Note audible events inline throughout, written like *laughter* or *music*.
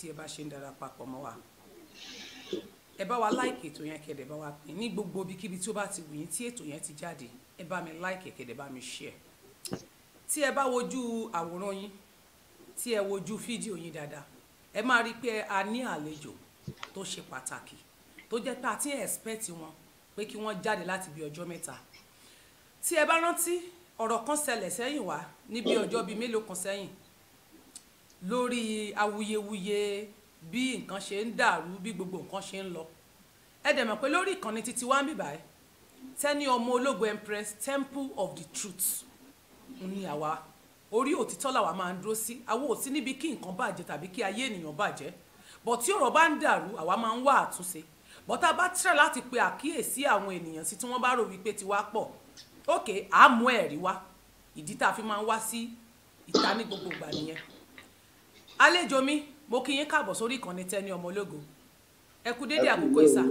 tí ẹ bá ṣe ń dara papọ̀ mọ́ wa ẹ bá wa láìkì ètò yẹn kẹ̀dẹ̀ bá wa pín ní gbogbo ibikíbi tí ó bá ti wù yín tí ètò yẹn ti jáde ẹ bá mi láìkì kẹ̀dẹ̀ bá mi ṣe ẹ̀ tí ẹ bá wojú àwòrán yín tí ẹ wojú fídíò yín dáadáa ẹ máa rí i pé a ní àlejò tó ṣe pàtàkì tó jẹ́ pé a ti expect wọn pé kí wọ́n jáde láti bí ọjọ́ mẹ́ta tí ẹ bá rántí ọ̀rọ̀ kan ṣẹlẹ̀ sẹ́yìn wá níbi ọjọ́ bíi mélòó kan sẹ́yìn lórí awuyewuye bí nǹkan ṣe ń dàrú bí gbogbo nǹkan ṣe ń lọ ẹ dẹ̀ mọ̀ pé lórí ìkànnì títí wá ń bì báyìí tẹ́ni ọmọ ológo empress temple of the truth ní àwa orí òtítọ́ làwa máa ń dúró sí àwa ò sí níbi kí nǹkan bàjẹ́ tàbí kí ayé ènìyàn bàjẹ́ bọ̀ tí ọ̀rọ̀ bá ń dàrú àwa máa ń wá àtúnṣe bọ̀ tá a bá tẹ̀ láti pe àkíyèsí àwọn ènìyàn sí tí wọ́n bá rò wípé tiwa pọ̀ ókè àmú ẹ̀rí wa ìdí tá a fi máa ń wá sí ìta ní gbogbo ìgbà nìyẹn àlejò mi mo kí yín káàbọ̀ sórí ìkànnì Tenny Ọmọlógo ẹ kú dédé àkókò ìsà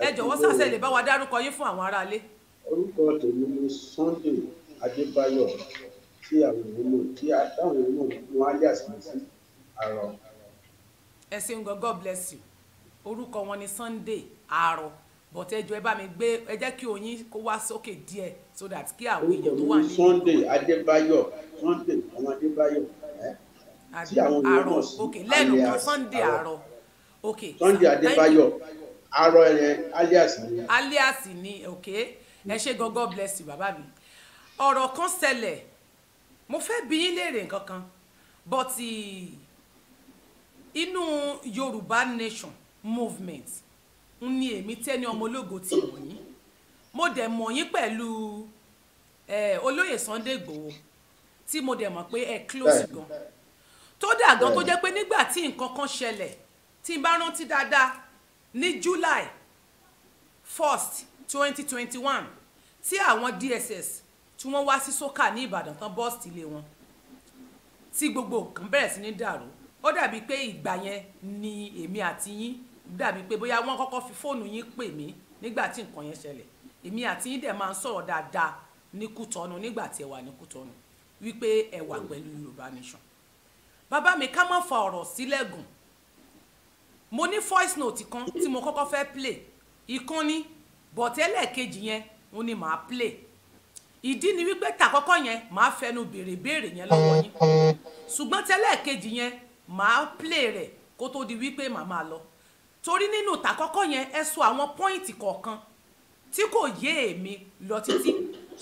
ẹ jọ̀wọ́ sàṣẹ lè bá wa dárúkọ yín fún àwọn aráalé. orúkọ tèmi ni Sunday Adébáyọ̀ tí àwọn èèyàn mọ̀ tí àtàwọn èèyàn mọ̀ wọn alias mi sí àrọ. ẹ ṣeun gan God bless you orúkọ wọn ni Sunday àrọ bọ̀tẹ́ ẹjọ́ ẹ bá mi gbé ẹ jẹ́ kí oyin kó wá sókè díẹ̀ so that kí àwọn èèyàn tó wà ní. Sunday Adébáyọ̀ Sunday ọmọ Adébáyọ̀ tí àwọn èèyàn mọ̀ sí alias àrọ Sunday Adébáyọ̀ àrọ yẹn alias ni. alias ni ok ẹ ṣe God God bless you bàbá mi ọ̀rọ̀ kan ṣẹlẹ̀ mo fẹ́ bi yín léèrè nǹkan kan but inú Yorùbá Nation movement ń ní èmi tẹ́ni ọmọ ológo ti mọ̀ yín mo dẹ̀ mọ̀ yín pẹ̀lú olóyè Sunday Igboho tí mo dẹ̀ mọ̀ pé ẹ close gan. Hey tó dà gan tó jẹ́ pé nígbà tí nǹkan kan ṣẹlẹ̀ tí n bá rántí dáadáa ní July 1st, 2021. one tí àwọn DSS tí wọ́n wá sí sókà ní Ìbàdàn tán bọ́ọ̀sì ilé wọn tí gbogbo nǹkan bẹ̀rẹ̀ sí ní dàrú ó dàbí pé ìgbà yẹn ni èmi àti yín dàbí pé bóyá wọ́n kọ́kọ́ fi fóònù yín pè mí nígbà tí nǹkan yẹn ṣẹlẹ̀ èmi àti yín dẹ̀ máa ń sọ̀rọ̀ dáadáa ní Kútọ́nù nígbà tí ẹ wà ní Kútọ́nù wípé ẹ wà pẹ̀lú Yorùbá nation bàbá mi ká má fa ọ̀rọ̀ sílẹ̀gùn mo ní voice note kan tí mo kọ́kọ́ fẹ́ play ìkànnì bọ̀tẹ́lẹ̀ kejì yẹn òun ni màá play ìdí ni wípé tàkọ́kọ́ yẹn màá fẹnu béèrè béèrè yẹn lọ́wọ́ yín ṣùgbọ́n tẹ́lẹ̀ kejì yẹn màá play rẹ̀ kó tó di wípé màá máa lọ torí nínú tàkọ́kọ́ yẹn ẹ sọ àwọn pọ́ìntì kọ̀ọ̀kan tí kò yé èmi lọ títí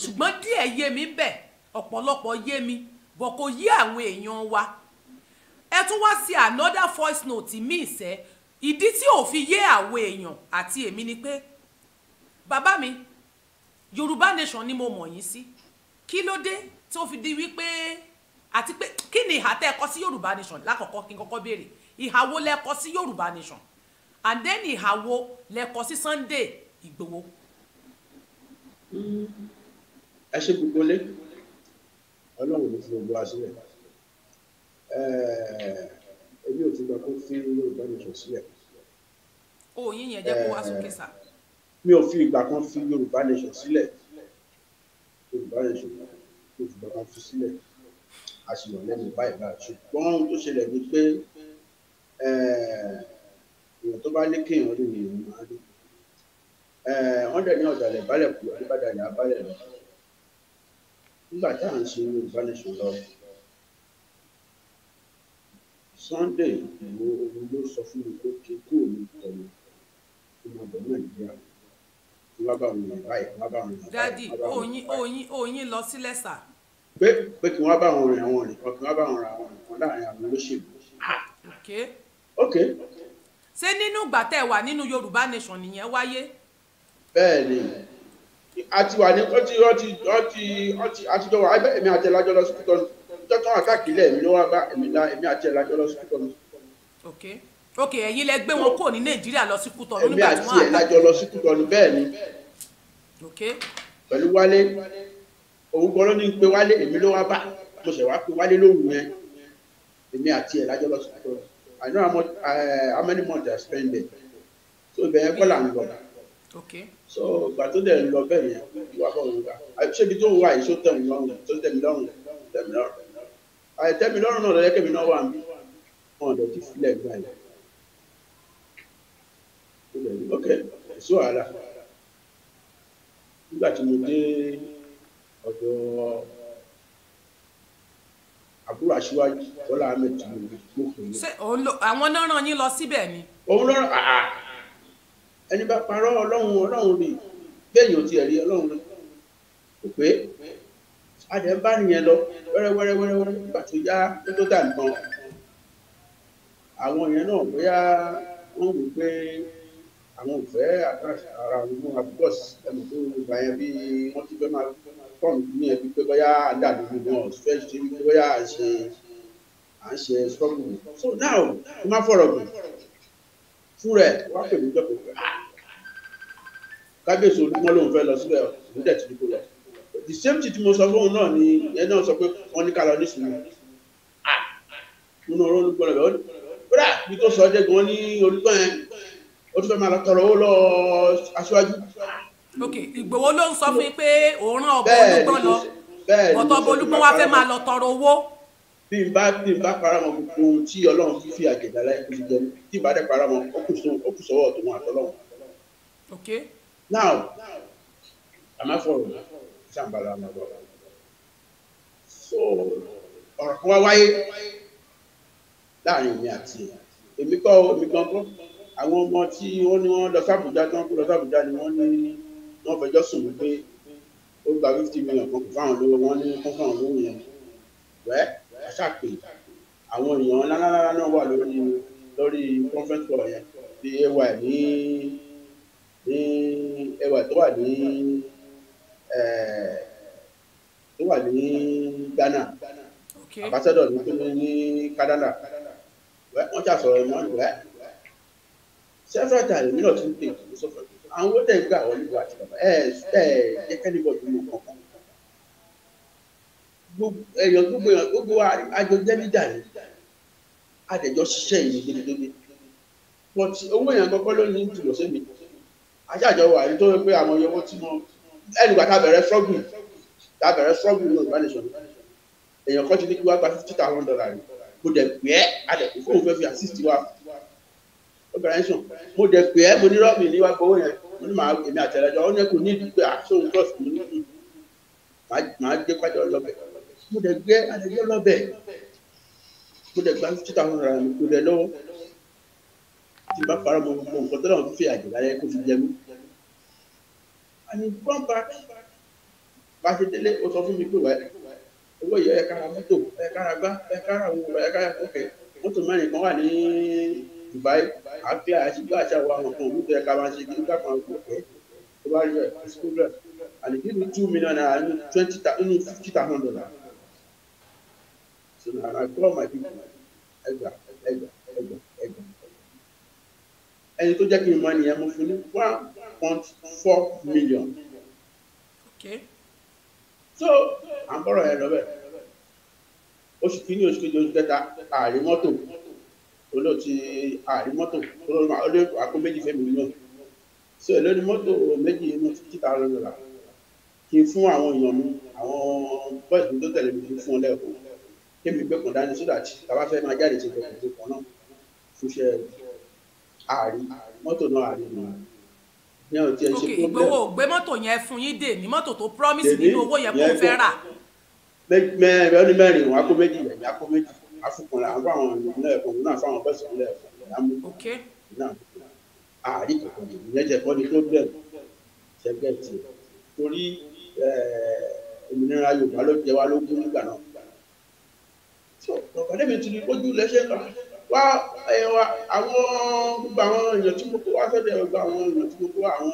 ṣùgbọ́n díẹ̀ yé mi bẹ̀ ọ̀pọ̀lọpọ̀ yé mi bọ̀ kò yé àwọn èèyàn wa ẹ tún wá sí another voice note mi ìṣẹ́ ìdí tí ò fi yé àwọn èèyàn àti èmi ni pé bàbá mi yorùbá nation ni mo mọ̀ yín sí kí ló dé tó fi di wípé àti pé kí ni ìhà tẹ́ ẹ kọ sí yorùbá nation lákọ̀ọ́kọ́ kí n kọ́kọ́ béèrè ìhà wo lẹ kọ sí yorùbá nation and then ìhà wo lẹ kọ sí Sunday Ìgbòho. Mm. ẹ ṣe gbogbo lé ọlọ́run ló fi gbogbo wa sílẹ̀. Eh, èmi ò ti gbà kó fi Yorùbá nation sílẹ̀. o yín yẹn jẹ́ kó wá sókè eh, sá. mi ò fi ìgbà kan fi Yorùbá nation sílẹ̀ Yorùbá nation mi ò fi ìgbà kan fi sílẹ̀ a sì wà lẹ́nu báyìí báyìí ṣùgbọ́n ohun tó ṣẹlẹ̀ ni pé eh, èèyàn tó bá ní kéèyàn rí ni èèyàn máa rí wọ́n dẹ̀ ní ọ̀dàlẹ̀ balẹ̀ kú adébádàlẹ̀ abálẹ̀ lọ nígbà tá à ń ṣe Yorùbá nation lọ. Sunday ìgbòho ohun ló sọ fún mi pé kí kúrò ní ìtọ́ni kí máa bọ̀ nàìjíríà kí wọ́n bá wọn yàn báyìí wọ́n bá wọn yàn báyìí. dadi oyin oyin oyin lọ sílẹ̀ sà. pé pé kí wọ́n bá wọn rìn àwọn rìn kan kí wọ́n bá wọn ra àwọn nǹkan láàrin àwọn olóṣèlú. ok ok. ṣé nínú ìgbà tẹ́ ẹ wà nínú Yorùbá Nation nìyẹn wáyé. bẹ́ẹ̀ ni a ti wà ní ọtí ọtí ọtí ọtí àtijọ́ wa ẹgbẹ́ mi àtẹ̀lájọ́ lọ sí tọ́tọ́ àtàkì ilẹ̀ mi ló wá bá èmi la èmi àti ẹ̀ lọ sí kútọ́ mi. ok ok ẹ̀yin lẹ gbé wọn kúrò ní nàìjíríà lọ sí kútọ́ lónìí pàtó wọn àná. èmi àti ẹ̀ lọ sí kútọ́ ni bẹ́ẹ̀ ni. ok. pẹ̀lú wálé òun gbọ́ ní pé wálé èmi ló wá bá mo ṣẹ̀ wá pé wálé lóhùn yẹn èmi àti ẹ̀ lọ sí kútọ́ I know eh, how many months I spend there so ibẹ̀yẹn kọ́ là ń lọ. ok so ìgbà tó dẹ̀ ń lọ bẹ́ẹ̀ yẹn wà bọ̀ gbà ṣébi tó wà yìí tó tẹ̀ mí lọ́rùn tẹ̀ mí lọ́rùn tẹ̀ mí lọ́rùn àìtẹ́mi lọ́rùn náà lọ́yẹ́ kẹ́mi náà wà mí wọn lọ ti filẹ̀ gbà yìí ok ẹ̀sùn wàhálà nígbà tí mo dé ọ̀dọ̀ àbúrò aṣíwájú Bọ́lá Ahmed Tinubu mo pè é. ṣé òun ló àwọn náà ràn yín lọ síbẹ̀ ni. òun ló ràn àà ẹni bá parọ́ ọlọ́run ọlọ́run rè bẹ́ẹ̀ yóò ti ẹ̀rí ọlọ́run rè kò pé a dẹ̀ ń bá nìyẹn lọ wẹ́rẹ́wẹ́rẹ́ wẹ́rẹ́wẹ́rẹ́ nígbà tó yá tó tó dà nìkan àwọn yẹn náà bóyá wọ́n wò pé àwọn ò fẹ́ ara wọn àbúkọ ẹnu tó gbà yẹn bí wọ́n ti fẹ́ máa pọ̀ ní ẹbí pé bóyá àdàlù wọn fẹ́ ṣe bí bóyá à ń ṣe à ń ṣe sọ́kù so now mo máa fọ̀rọ̀ gùn fún rẹ̀ wá pè mí jọ̀pọ̀ pé ah, kábíyèsí olúmọ lòun fẹ́ lọ síbẹ̀ òun dẹ̀ ti ní lọ the same thing tí mo sọ fóun náà ni ìyẹn náà sọ pé wọ́n ní ká nísìnyí ah mo náà rọ́ọ̀nù gbọ́dọ̀ bẹ́ẹ̀ kódà bí tó sọ jẹ́ gan ní olùgbọ́n yẹn ó tún fẹ́ máa tọrọ owó lọ aṣáájú. ok Ìgbòho ló ń sọ fún mi pé òun rán ọ̀bọ olùgbọ́n lọ ọ̀tọ̀ ọ̀bọ olùgbọ́n wa fẹ́ máa lọ tọrọ owó. bí n bá bí n bá paramọ gbogbo ohun tí Ọlọ́run fífi àgèdà láì fi jẹ tí n bá dẹ paramọ ó kù sọ́wọ́ tó wọn àtọlọ́run. ok. now àmàfọ̀rọ̀ ṣàǹbàlà ọmọ bọ̀. so ọ̀rọ̀ kan wá wáyé láàrin èmi àti èèyàn èmi kọ́ èmi gan kọ́ àwọn ọmọ tí wọ́n ní wọ́n lọ sábùjá tí wọ́n kú lọ sábùjá ni wọ́n ní wọ́n fẹjọ́ sùn wípé ó gba fifty million kan kò fáwọn lówó wọ́n ní kó fáwọn lówó yẹn wẹ́ àṣàpè àwọn èèyàn ńláńláńlá náà wà lórí lórí conference call yẹn bí ay ní ní ay tó wà ní tó wà ní Ghana ambassador ní tó ní Canada wọ́n ti àsọ̀rọ̀ ìmọ̀ ìwẹ́ several times mi náà ti ń pè é sọ fún mi àwọn owó tẹ̀ ń gbà wọlé wa àti bàbá ẹ ẹ jẹ́ kẹ́ni bọ̀ dùn kankan èèyàn gbogbo èèyàn gbogbo àjọ jẹ́mídà ni àtẹ̀jọ́ ṣiṣẹ́ yìí gbẹdẹgbẹ but owó èèyàn kọ́kọ́ ló ní ìtùlọ̀sẹ́ mi aṣáájọ wà nítorí pé àwọn ọyọ́wọ́ tí wọ́n ẹnìgbà tá a bẹ̀rẹ̀ struggle tá a bẹ̀rẹ̀ struggle ló bá lè sọ̀rọ̀ èèyàn kan ti ní kí wá gba fifty thousand dollars rẹ̀ mo dẹ̀ pè é adẹ̀kú fóun fẹ́ fi assist wa obìnrin sùn mo dẹ̀ pè é mo ní rọ́ọ̀mì ní wá gbowó yẹn mo ní màá èmi àtẹ̀lẹ́jọ́ ó ní kò ní ìdúpẹ́ àṣọ̀hún cross mi ní ìdú màá gbé pàjọ́ lọ́bẹ̀ mo dẹ̀ gbé adẹ̀jọ́ lọ́bẹ̀ mo dẹ̀ gba fifty thousand dollars mi kò dẹ̀ lọ́wọ́ tí n bá fara mọ́ nǹkan tó náà fi àjẹ̀dá yẹ kó fi jẹ mí and he gone back bá a ṣe délé ó sọ fún mi pé wáyé owó yìí ẹ̀ka ara mọ́tò ẹ̀ka ara gbá ẹ̀ka ara wo ẹ̀ka ara kọ̀kẹ́ mọ́tò mẹ́rin kan wà ní Dubai àti àṣìgbà àṣà wa àwọn kan olùdó ẹ̀ka máa ṣe nígbà kan kọ̀kẹ́ tó bá rí ẹ̀ school rẹ̀ and he give me two million naira nínú twenty nínú fifty thousand dollars so na I call my people ẹgbà ẹgbà ẹgbà ẹgbà ẹni tó jẹ́ kí n mọ nìyẹn mo fún ní one point four million. Okay. so I'm ń bọ̀rọ̀ yẹn lọ bẹ́ẹ̀ oṣù kìíní oṣù kejì oṣù kẹta ààrí mọ́tò olóòtú ààrí mọ́tò olóòtú olóòtú àpò méjì fẹ́ mi so èlò ni mọ́tò méjì inú fifty thousand naira kí n fún àwọn èèyàn mi àwọn bọ́ọ̀sì tó tẹ̀lé mi kí n fún ọ lẹ́ẹ̀kan kí mi gbẹ́kàn dání sódà tí tàbá fẹ́ máa jáde ṣe gbẹ̀kàn tó kàn náà fúnṣẹ́ ààrí mọ́tò náà ààrí náà ok ìgbowó gbé mọ́tò yẹn fún yín dè ní mọ́tò tó promise nínú owó yẹn kó fẹ́ rà. mẹ́rin ọdún mẹ́rin wàá kó méjì rẹ̀ yàá kó méjì afukun la àwọn àwọn ènìyàn náà ẹ̀fọn náà fáwọn bẹ́ẹ̀ sọ̀rọ̀ ẹ̀fọn lámú náà àárí kankan yìí ìyẹn jẹ kọ́ ni tó bẹ̀rù ṣẹ́gbẹ́ tì torí òmìnira Yorùbá ló jẹ wá lógún nígbà náà. ọ̀gá lẹ́mi ti ní ojú lẹ́sẹ̀ kan wá ẹwà àwọn gbogbo àwọn èèyàn tí mo kó wá sọ́dọ̀ gbogbo àwọn èèyàn tí mo kó wá àwọn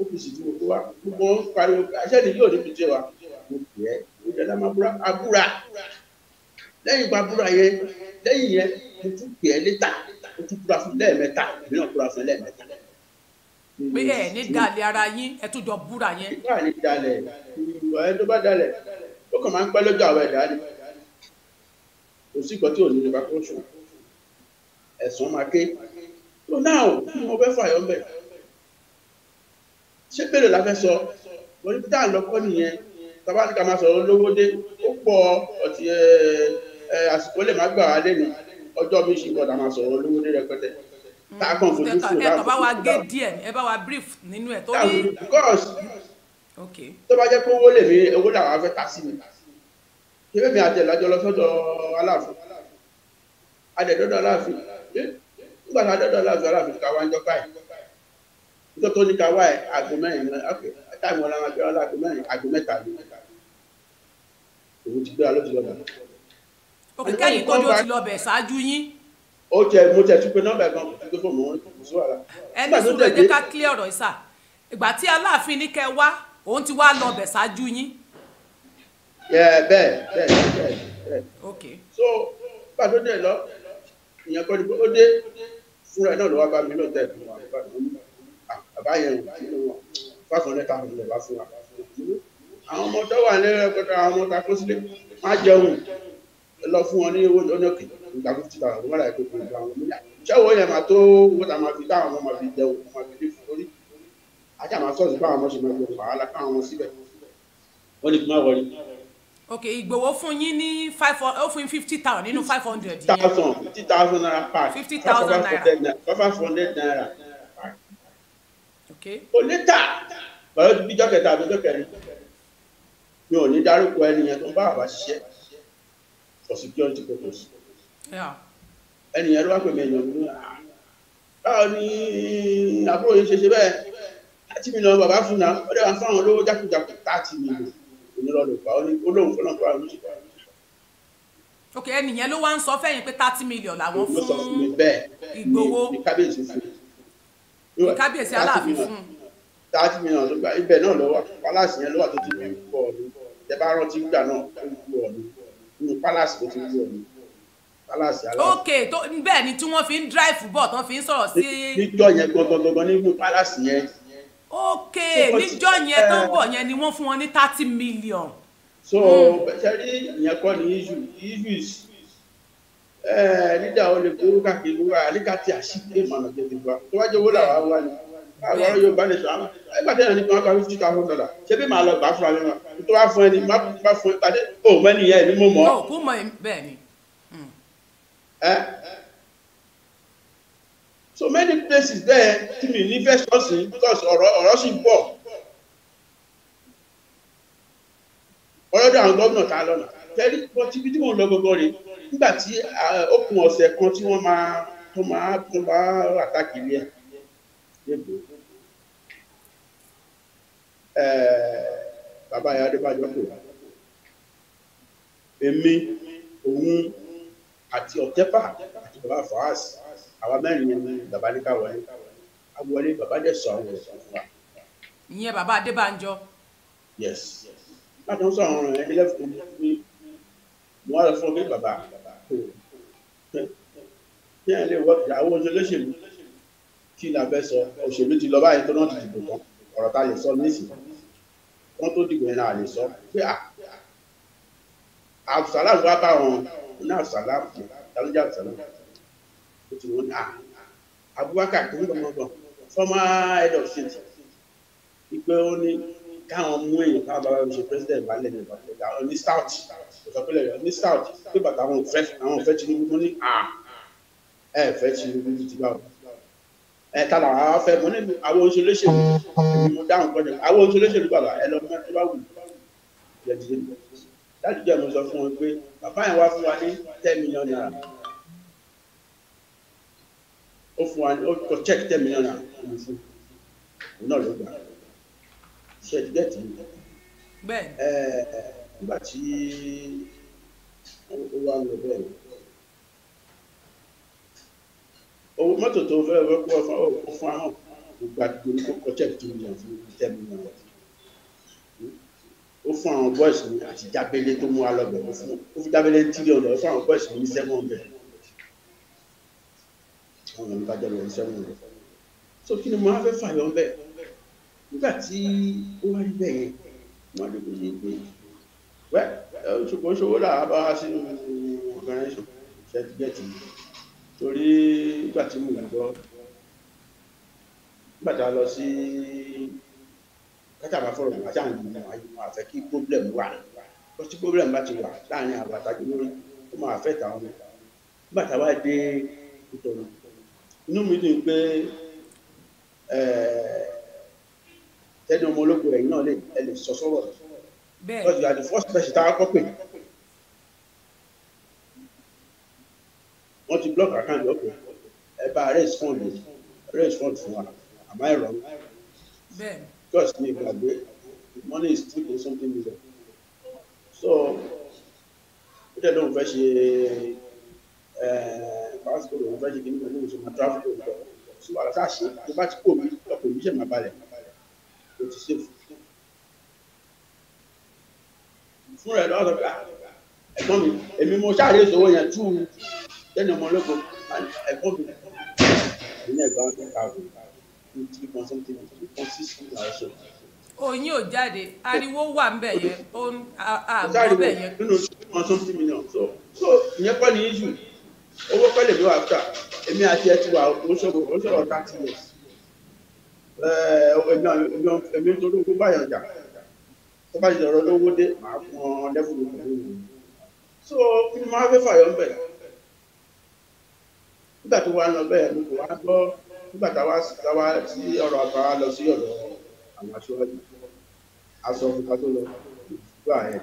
OPC tí mo kó wá gbogbo wọn pariwo aṣẹ́ni yóò níbi tí wa mo pè é mo jẹ́ dáná abúra lẹ́yìn ìgbà abúra yẹn lẹ́yìn yẹn mo tún pè é létà mo tún kúra fún lẹ́ẹ̀mẹ́ta mi náà kúra fún lẹ́ẹ̀mẹ́ta. pé ẹ ní dalẹ̀ ara yín ẹ tún jọ búra yẹn. ìgbà ní dalẹ̀ ìwà ẹ tó bá dalẹ̀ ó kàn máa ń pẹ́ lọ́jọ́ àwọn ẹ̀dá ni kò sí nǹkan tí ò ní repercussion ẹ̀sùn máa ké so now kí wọ́n fẹ́ fàyọ̀ ń bẹ̀ ṣé bèrè la fẹ́ sọ wọ́n ní tá à ń lọ kọ́ nìyẹn tàbá ti ká máa sọ̀rọ̀ lówó dé ó pọ̀ ọ̀tí àsìkò lè má gbà wá lẹ́nu ọjọ́ mi ṣì gbọ́dọ̀ máa sọ̀rọ̀ lówó dé rẹpẹtẹ tá a kàn fojú fún un láàbò. ẹ kàn bá wa gé díẹ̀ ẹ bá wa brief nínú ẹ̀ tó ní. because tó bá jẹ́ pé owó lèmi owó làwọn afẹ́ tà sí mi ṣé bẹ́ẹ̀ mi àti ẹ̀lájọ lọ sọ́dọ̀ aláàfin adẹ̀dọ́dọ̀ aláàfin nígbà tá a dọ́dọ̀ aláàfin aláàfin ká wá ń jọ́ká ẹ̀ nítorí tó ní ká wá ẹ̀ àgọ́ mẹ́rin táìmù ọ̀la wọn gbéra láàgọ́ mẹ́rin àgọ́ mẹ́ta ni òun ti gbéra ló ti lọ́bẹ̀. òkè kẹ́yìn tó ní o ti lọ́bẹ̀ ṣáájú yín. ó jẹ mo jẹ tún pé nọ́mbà gan tó fò mọ ẹni sùn rẹ jẹ ká kílẹ̀ ọ̀rọ̀ ìsà ìgbà tí aláàfin ní kẹ wá òun ti bẹ́ẹ̀ bẹ́ẹ̀ bẹ́ẹ̀. so bá a tó dé lọ ìyẹn kọ́ ni pé ó dé fúnra ẹ̀ náà ló wá bá mi náà tẹ̀ fún wa bàbá yẹn wò fáfọ̀n lẹ́ta lè wá fún wa. àwọn ọmọ tó wà ní ẹ̀kọ́tà àwọn ọmọ takó sílé má jẹun lọ fún wọn ní owó lọ́nàkì nígbà fífi tà wọ́n rà ètò ìgbà wọn níyà ṣé owó yẹn máa tó owó tá a máa fi táwọn ọmọ máa fi jẹun máa fi dín fún orí ajá máa sọ̀rọ̀ sí báwọn ọmọ ṣe máa jẹun wàhálà káwọn ọmọ síbẹ̀ wọ́n ní kí n wọlé Okay, Ìgbòho fún yín ní five ó fún yín fifty thousand nínú five hundred yẹn. thousand fifty thousand naira pack fifty thousand naira five hundred naira pack. ok o létà bàbá tó bíjọ́ kẹta àbíjọ́ kẹrin mi ò ní dárúkọ ẹni yẹn tó ń bá àbá ṣiṣẹ́ for security purpose. ẹni yẹn ló wá pè mí ẹ̀yàn fún ah, báwo ni àbúrò yìí ṣe ṣe bẹ́ẹ̀ láti mi lọ bàbá fún náà ó dẹ̀ wá fún àwọn olówó jákèjádò thirty million onírọ̀ ló pa ó lóun fọlọ́n kó àwọn oníṣẹ́ ok ẹnìyẹn ló wá ń sọ fẹ́yìn pé thirty million làwọn fún Ìgbòho ìkábíyèsí Aláàfin fún thirty million ló gbà ibẹ̀ náà ló palace yẹn ló wà tó ti fi gbọ ọdún tẹ bá rántí gbà náà ó gbọ ọdún inú palace ló ti gbọ ọdún ok tó bẹ́ẹ̀ ni tí wọ́n fi ń drive football. tán fi ń sọ̀rọ̀ sí. níjọ́ yẹn gbọ̀ngbọ̀ngbọ̀n nínú palace yẹn ok níjọ́ yẹn tó ń bọ̀ yẹn ni wọ́n fún wọn ní thirty million. so hmm. ṣe rí ìyẹn kọ́ ní iṣu iṣu is nígbà eh, wo lè gbowó káàkiri wa àríkàtì àṣìkè ìmọ̀nà tètè wa tó wájú owó làwọn wá ni àwọn yóò bá lè sọ àwọn ah, ẹgbà tẹ́lẹ̀ ní kọ́ńtà fifty thousand dollars ṣé bí màá lọ gbà fúnra mi wọn tó bá fún ẹni má fún ẹ pàdé òun mẹ́ni ìyá ẹ̀ ni mo mọ̀. ọ̀ kó mọ bẹ́ẹ̀ ni. ẹ hmm. eh? so many places there tí mi ní fẹ́ because ọ̀rọ̀ ọ̀rọ̀ sì ń pọ̀ ọ̀rọ̀dọ̀ àwọn gómìnà ta lọ́nà tẹ́lí bọ́ tí bí tí mò ń lọ gbogbo rẹ̀ nígbà tí okùn ọ̀sẹ̀ kan tí wọ́n máa tó máa tó máa àtàkì ilé ẹ̀ bàbá yà Adébájọ́ kò wá èmi òun àti Ọ̀tẹ́pà àti bàbá Fàásì àwa mẹ́rin ni bàbá ní ká wọlé a wọlé bàbá dẹ̀ sọ àwọn ẹ̀sán fún wa. ìyẹn bàbá adébánjọ. yes bàtà ń sọ àwọn ọ̀rọ̀ ẹgbẹ́ fún mi mo wá lọ fún mi bàbá ní ẹ̀ lè wọ àwọn olóṣèlú kí ni abẹ́ sọ òṣèlú ti lọ báyìí tó náà ti dìbò tán ọ̀rọ̀ ta lè sọ nísìnyí wọ́n tó dìbò yẹn náà lè sọ pé à àbùsàlà wà bá wọn ní àbùsàlà tàlójà àbùsàlà ètò wọn à Abubakar tó ń bọ̀ wọn bọ̀ head of state ìpè ó ní káwọn mú èèyàn káwọn bàbá mi ṣe president balẹ̀ nígbà pẹ̀lú àwọn ní stout ìtọ́pẹ́lẹ̀ rẹ̀ ní stout pé bàtà àwọn òfẹ́ àwọn òfẹ́ Tinubu tó ní à ẹ fẹ́ Tinubu ti bá wọn ẹ tala àwọn afẹ mọ ní àwọn oṣù lóṣèlú èmi mo dáhùn gbọ́dọ̀ àwọn oṣù lóṣèlú bàbá ẹ lọ mọ tó bá wù yẹ ti dé láti jẹ mo sọ fún wọn pé bàbá yẹn wá fún wa ní ten million naira ó fún wa ó kọ check ten million naira fún fún òun náà ló gbà ṣe ti gẹ́tì nígbà tí ó wà lọ bẹ́ẹ̀ owó mọ́tò tó fẹ́ wẹ́ kó fún ọ fún ahọ́n gbogbo àdúgbò ní kó kọ check ten million fún ten million naira ó fún àwọn boys àti jábélé tó mú wa lọ bẹ̀ ó fún jábélé tírí ọ̀dọ̀ ó fún àwọn boys ní seven hundred àwọn èèyàn bá jáde wọn sẹ́wọ̀n lọ so kí ni mo á fẹ́ fàyọ̀ ń bẹ̀ nígbà tí ó wá rí bẹ́ẹ̀ yẹn mo á lè kó yé pé wẹ́ ṣùgbọ́n ṣòwò là á bá wá sínú organisation ṣẹ́tìgẹ́tì torí nígbà tí mo gbọ́ nígbà tá a lọ sí kátàbà fọlọ nígbà tí à ń gbìyànjú àyè wọn àfẹ́ kí problem wà lọ sí problem bá ti wà láàrin àbàtà jùlọ ó máa fẹ́ tàwọn nígbà tá a wá dé ìtọ́nù inú mi dùn pé ẹni ọmọ ológun ẹ̀yìn náà lè lè sọ sọ́wọ́ because you are the first person tá a kọ́ pé wọ́n ti block account ọ̀pẹ̀ ẹ bá arrest fund arrest fund fún wa am I wrong? just ní ìgbàgbé the money is still in something million so ó dẹ̀ lóun fẹ́ ṣe bàbá eh, ti kó lòun fẹ́ ṣe kí nígbà nígbà ìṣòwò tráfíkì òkùnkùn ṣùgbọ́n àlọ́ sáà ṣe tó bá ti kó mi ọkọ̀ mi ṣe máa balẹ̀ o ti ṣe fún fún rẹ̀ lọ́wọ́ sọ pé ah, ẹ̀gbọ́n mi èmi mo ṣáà lè sọ̀wọ́ yẹn tú mi lẹ́nu ọmọ olóko ẹ̀gbọ́n mi ìyẹn ẹ̀gbọ́n mi kàwé ní tí wọ́n sọ pé wọ́n sì sùn láì sọ. oyin ò jáde ariwo wà ń yẹn ó ń àgbọ̀ bẹ̀ yẹn. nínú tí wọ́n sọ pé mi náà sọ so ìyẹn kọ́ ni yíyù. owó kọ́lé mi wà tà èmi àti ẹ ti wà oṣogbo oṣogbo thirty years èmi torí ogún báyọ̀ jà tó bá jẹ́ ọ̀rọ̀ lówó dé màá fún ọ mi pẹ̀lú mi so kí ni màá fẹ́ fàyọ̀ ń bẹ̀ nígbà tó wà lọ bẹ́ẹ̀ mo kò wá gbọ́ nígbà táwa táwa ọ̀rọ̀ lọ sí ọ̀dọ̀ àwọn aṣọ́wájú aṣọ òkúta tó lọ gbà ẹ̀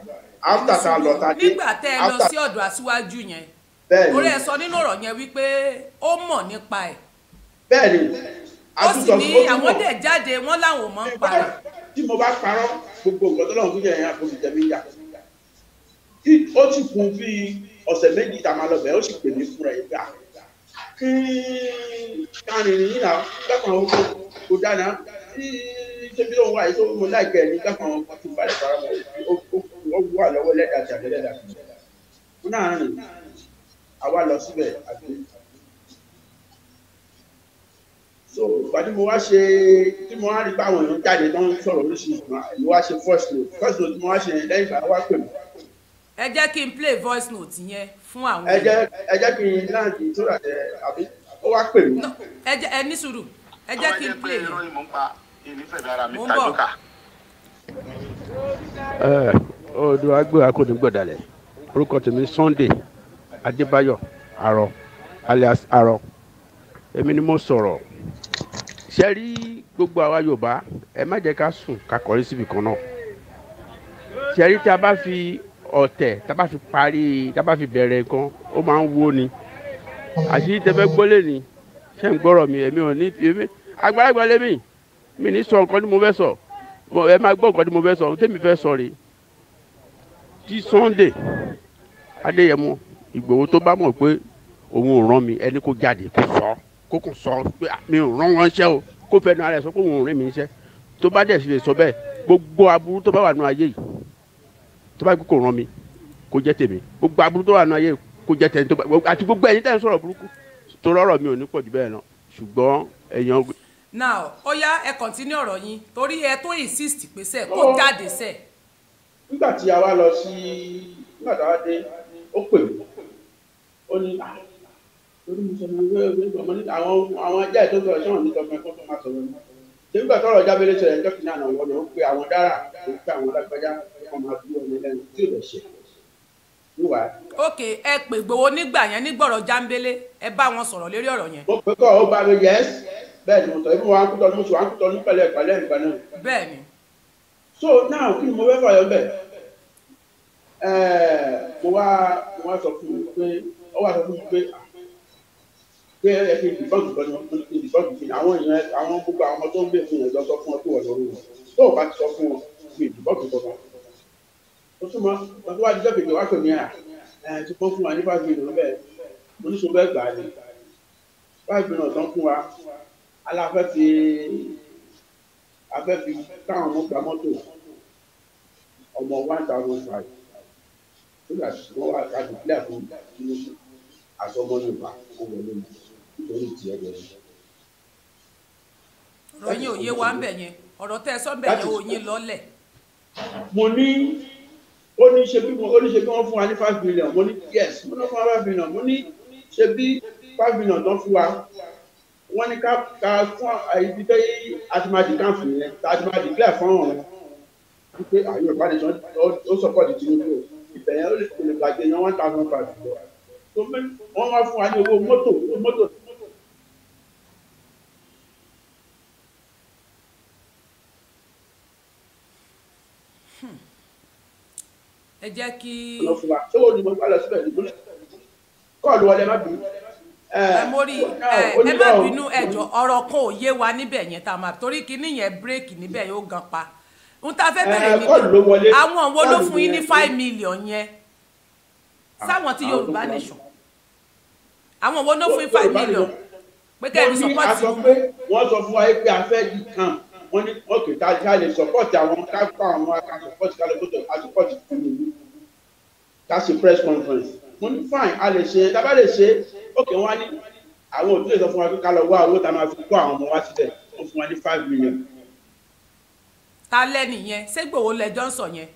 after tá lọ dé tẹ́ ẹ lọ sí ọ̀dọ̀ aṣíwájú yẹn bẹ́ẹ̀ni orí ẹ sọ nínú ọ̀rọ̀ yẹn wípé ó mọ̀ nípa ẹ̀. bẹ́ẹ̀ni ó sì ní àwọn dẹ̀ jáde wọ́n láwọn ò mọ̀ ń parọ́. tí mo bá parọ́ gbogbo nǹkan tó fún yẹn yẹn àkóso jẹ̀mí yà ó ti fún bí ọ̀sẹ̀ méjì tá a máa lọ bẹ̀ ó sì pè mí fúnra ẹ̀ gbà kí kárìnrìn yìí náà gbàgbọ́n ó kó dáná ṣébi ló ń wá ètò mo láìpẹ́ ní gbàgbọ́n ó ti balẹ̀ fara mọ́ ó wà lọ́wọ́ lẹ́dàá àwa lọ síbẹ̀ àgbẹ̀ so ìgbà mo wá ṣe tí mo wá rí pé èèyàn jáde tó sọ̀rọ̀ lóṣìṣì mo wá ṣe voice note voice note tí mo wá ṣe lẹ́yìn ìgbà wá pè mí. ẹ jẹ́ kí n play voice note yẹn fún àwọn. ẹ jẹ́ ẹ jẹ́ kí n láǹdì tó rà ẹ àbí ó wá pè mí. ẹ jẹ́ ẹ ní sùúrù ẹ jẹ́ kí n play yẹn. mo ń bọ̀. ẹ ọdún agbóhakó ní orúkọ tèmi Sunday adébáyọ̀ arọ alias arọ èmi ni mo sọ̀rọ̀ ṣe rí gbogbo àwa yorùbá ẹ má jẹ́ ká sùn ká kọrí síbi kan náà ṣe rí tí a bá fi ọ̀tẹ̀ tá a bá fi parí tá a bá fi bẹ̀rẹ̀ nǹkan ó máa ń wó ni àṣírí tẹfẹ́ gbọ́lé ni ṣé ń gbọ́rọ̀ mi èmi ò ní èmi àgbàlagbà lèmi mi ní sọ nǹkan tí mo fẹ́ sọ ẹ máa gbọ́ nǹkan tí mo fẹ́ sọ tèmi fẹ́ sọ rèé tí Sunday Adéyẹmọ Ìgbòho tó bá mọ̀ pé òun ò rán mi ẹni kó jáde kó sọ kó kò sọ pé ah, mi ò rán wọn ṣẹ́ o kó fẹnu ara ẹ̀ sọ pé òun ò rán mi ṣẹ́ tó bá dẹ̀ sì lè sọ bẹ́ẹ̀ gbogbo aburú tó bá wà nù ayé yìí tó bá kò rán mi kó jẹ́ tèmi gbogbo aburú tó wà nù ayé yìí kó jẹ́ tèmi àti gbogbo ẹ̀yin tẹ̀ ń sọ̀rọ̀ burúkú tó rọ̀rọ̀ mi ò ní pọ̀ jù bẹ́ẹ̀ lọ ṣùgbọ́n ẹ̀yàn now Oya, yá ẹ continue ọ̀rọ̀ yín torí ẹ tó insist pé sẹ́ kó oh. jáde sẹ́. nígbà tí a wá lọ sí nígbà tí a wá dé ó pè mí ní ah, torí mo sọ fún mi pé ọmọ ní àwọn àwọn ajá ètò ìtọ́jú ọ̀ṣọ́ ní tọkàn kó tó máa sọ̀rọ̀ ní nígbà tọrọ jábélé ṣẹlẹ̀ ẹjọ́ kìíní àná wọn ó pe àwọn dára kò pe àwọn lágbájá wọn máa dúró ní lẹ́nu tí ò lè ṣe ok ẹ pè gbowó nígbà yẹn nígbọ̀rọ̀ jábélé ẹ bá wọn sọ̀rọ̀ lórí ọ̀rọ̀ yẹn. mo pè kọ́ ó bá mi yẹs ó wà lọ́dún pé pé ẹ fi dìbọ́ọ̀gù bọ́ ní dìbọ́ọ̀gù fi àwọn èèyàn àwọn gbogbo àwọn ọmọ tó ń gbé fún yẹn lọ́sọ fún ọ tó wọ̀ lórí wọn tó o bá ti sọ fún ọ fi dìbọ́ọ̀gù tọ̀tọ̀ ó túmọ̀ ọdún wájú jẹ́ kèké wá pè mí à ẹ̀ ti kọ́ fún wa ní five million bẹ́ẹ̀ mo ní so bẹ́ẹ̀ gbà á ní five million tán fún wa aláfẹ́ fi afẹ́ fi táwọn ọmọ gba mọ́tò ọmọ one thousand five nígbà tí wọ́n wà láti ìpínlẹ̀ àkókò asọmọnù bá ó wọlé mi lórí tiẹ̀ gẹrẹ. ọ̀rọ̀ yín ò yé wa ń bẹ̀ yẹn ọ̀rọ̀ tẹ́ ẹ sọ bẹ̀ yẹn ò yín lọ́lẹ̀. mo ní ó ní ṣe bí ó ní ṣe bí wọ́n fún wa ní five million mo ní yes mo ní fún wa five million mo ní ṣe bí five million tó fún wa wọ́n ní ká ká fún ibi tó yí atimadi kan fún yẹn atimadi clear fún ọ̀rọ̀ wípé àyè ìbánisọ̀ ó sọ̀kọ̀ di Tinubu ìbẹ̀yẹn ó lè gbàgbé yan one thousand five dollars wọ́n wá fún wa ní owó mọ́tò mọ́tò. Hmm. ẹ jẹ́ kí. lọ fún wa ṣé wo ni mo bá lọ síbẹ̀ nígbó kọ́ọ̀lù wọlé má bínú. ẹ mórí ẹ má bínú ẹjọ́ ọ̀rọ̀ kan ò yé wa níbẹ̀ yẹn tá a máa torí kinní yẹn bírèkì níbẹ̀ yóò gan pa n ta fẹ́ bẹ̀rẹ̀ níbi àwọn wo ló fún yín ní five million yẹn sáwọn tí ah, Yorùbá nation àwọn wo ló fún yín five pé kẹ́ ẹ̀ ní support. wọ́n ní a pé wọ́n sọ fún wa pé a fẹ́ di camp wọ́n ní ọ̀kẹ́ tá a lè support àwọn kápá àwọn aka support ká gbọ́dọ̀ a support fún mi ká ṣe press conference mo ní fine a lè ṣe tábà lè ṣe ókè wọn á ní àwọn òbí lè sọ fún wa pé ká lọ wá owó tá a máa fi kó àwọn ọmọ wa sílẹ̀ wọ́n fún wa ní five million. ta lẹ́nu yẹn ṣé gbòòwò lẹ́jọ́ ń sọ yẹn.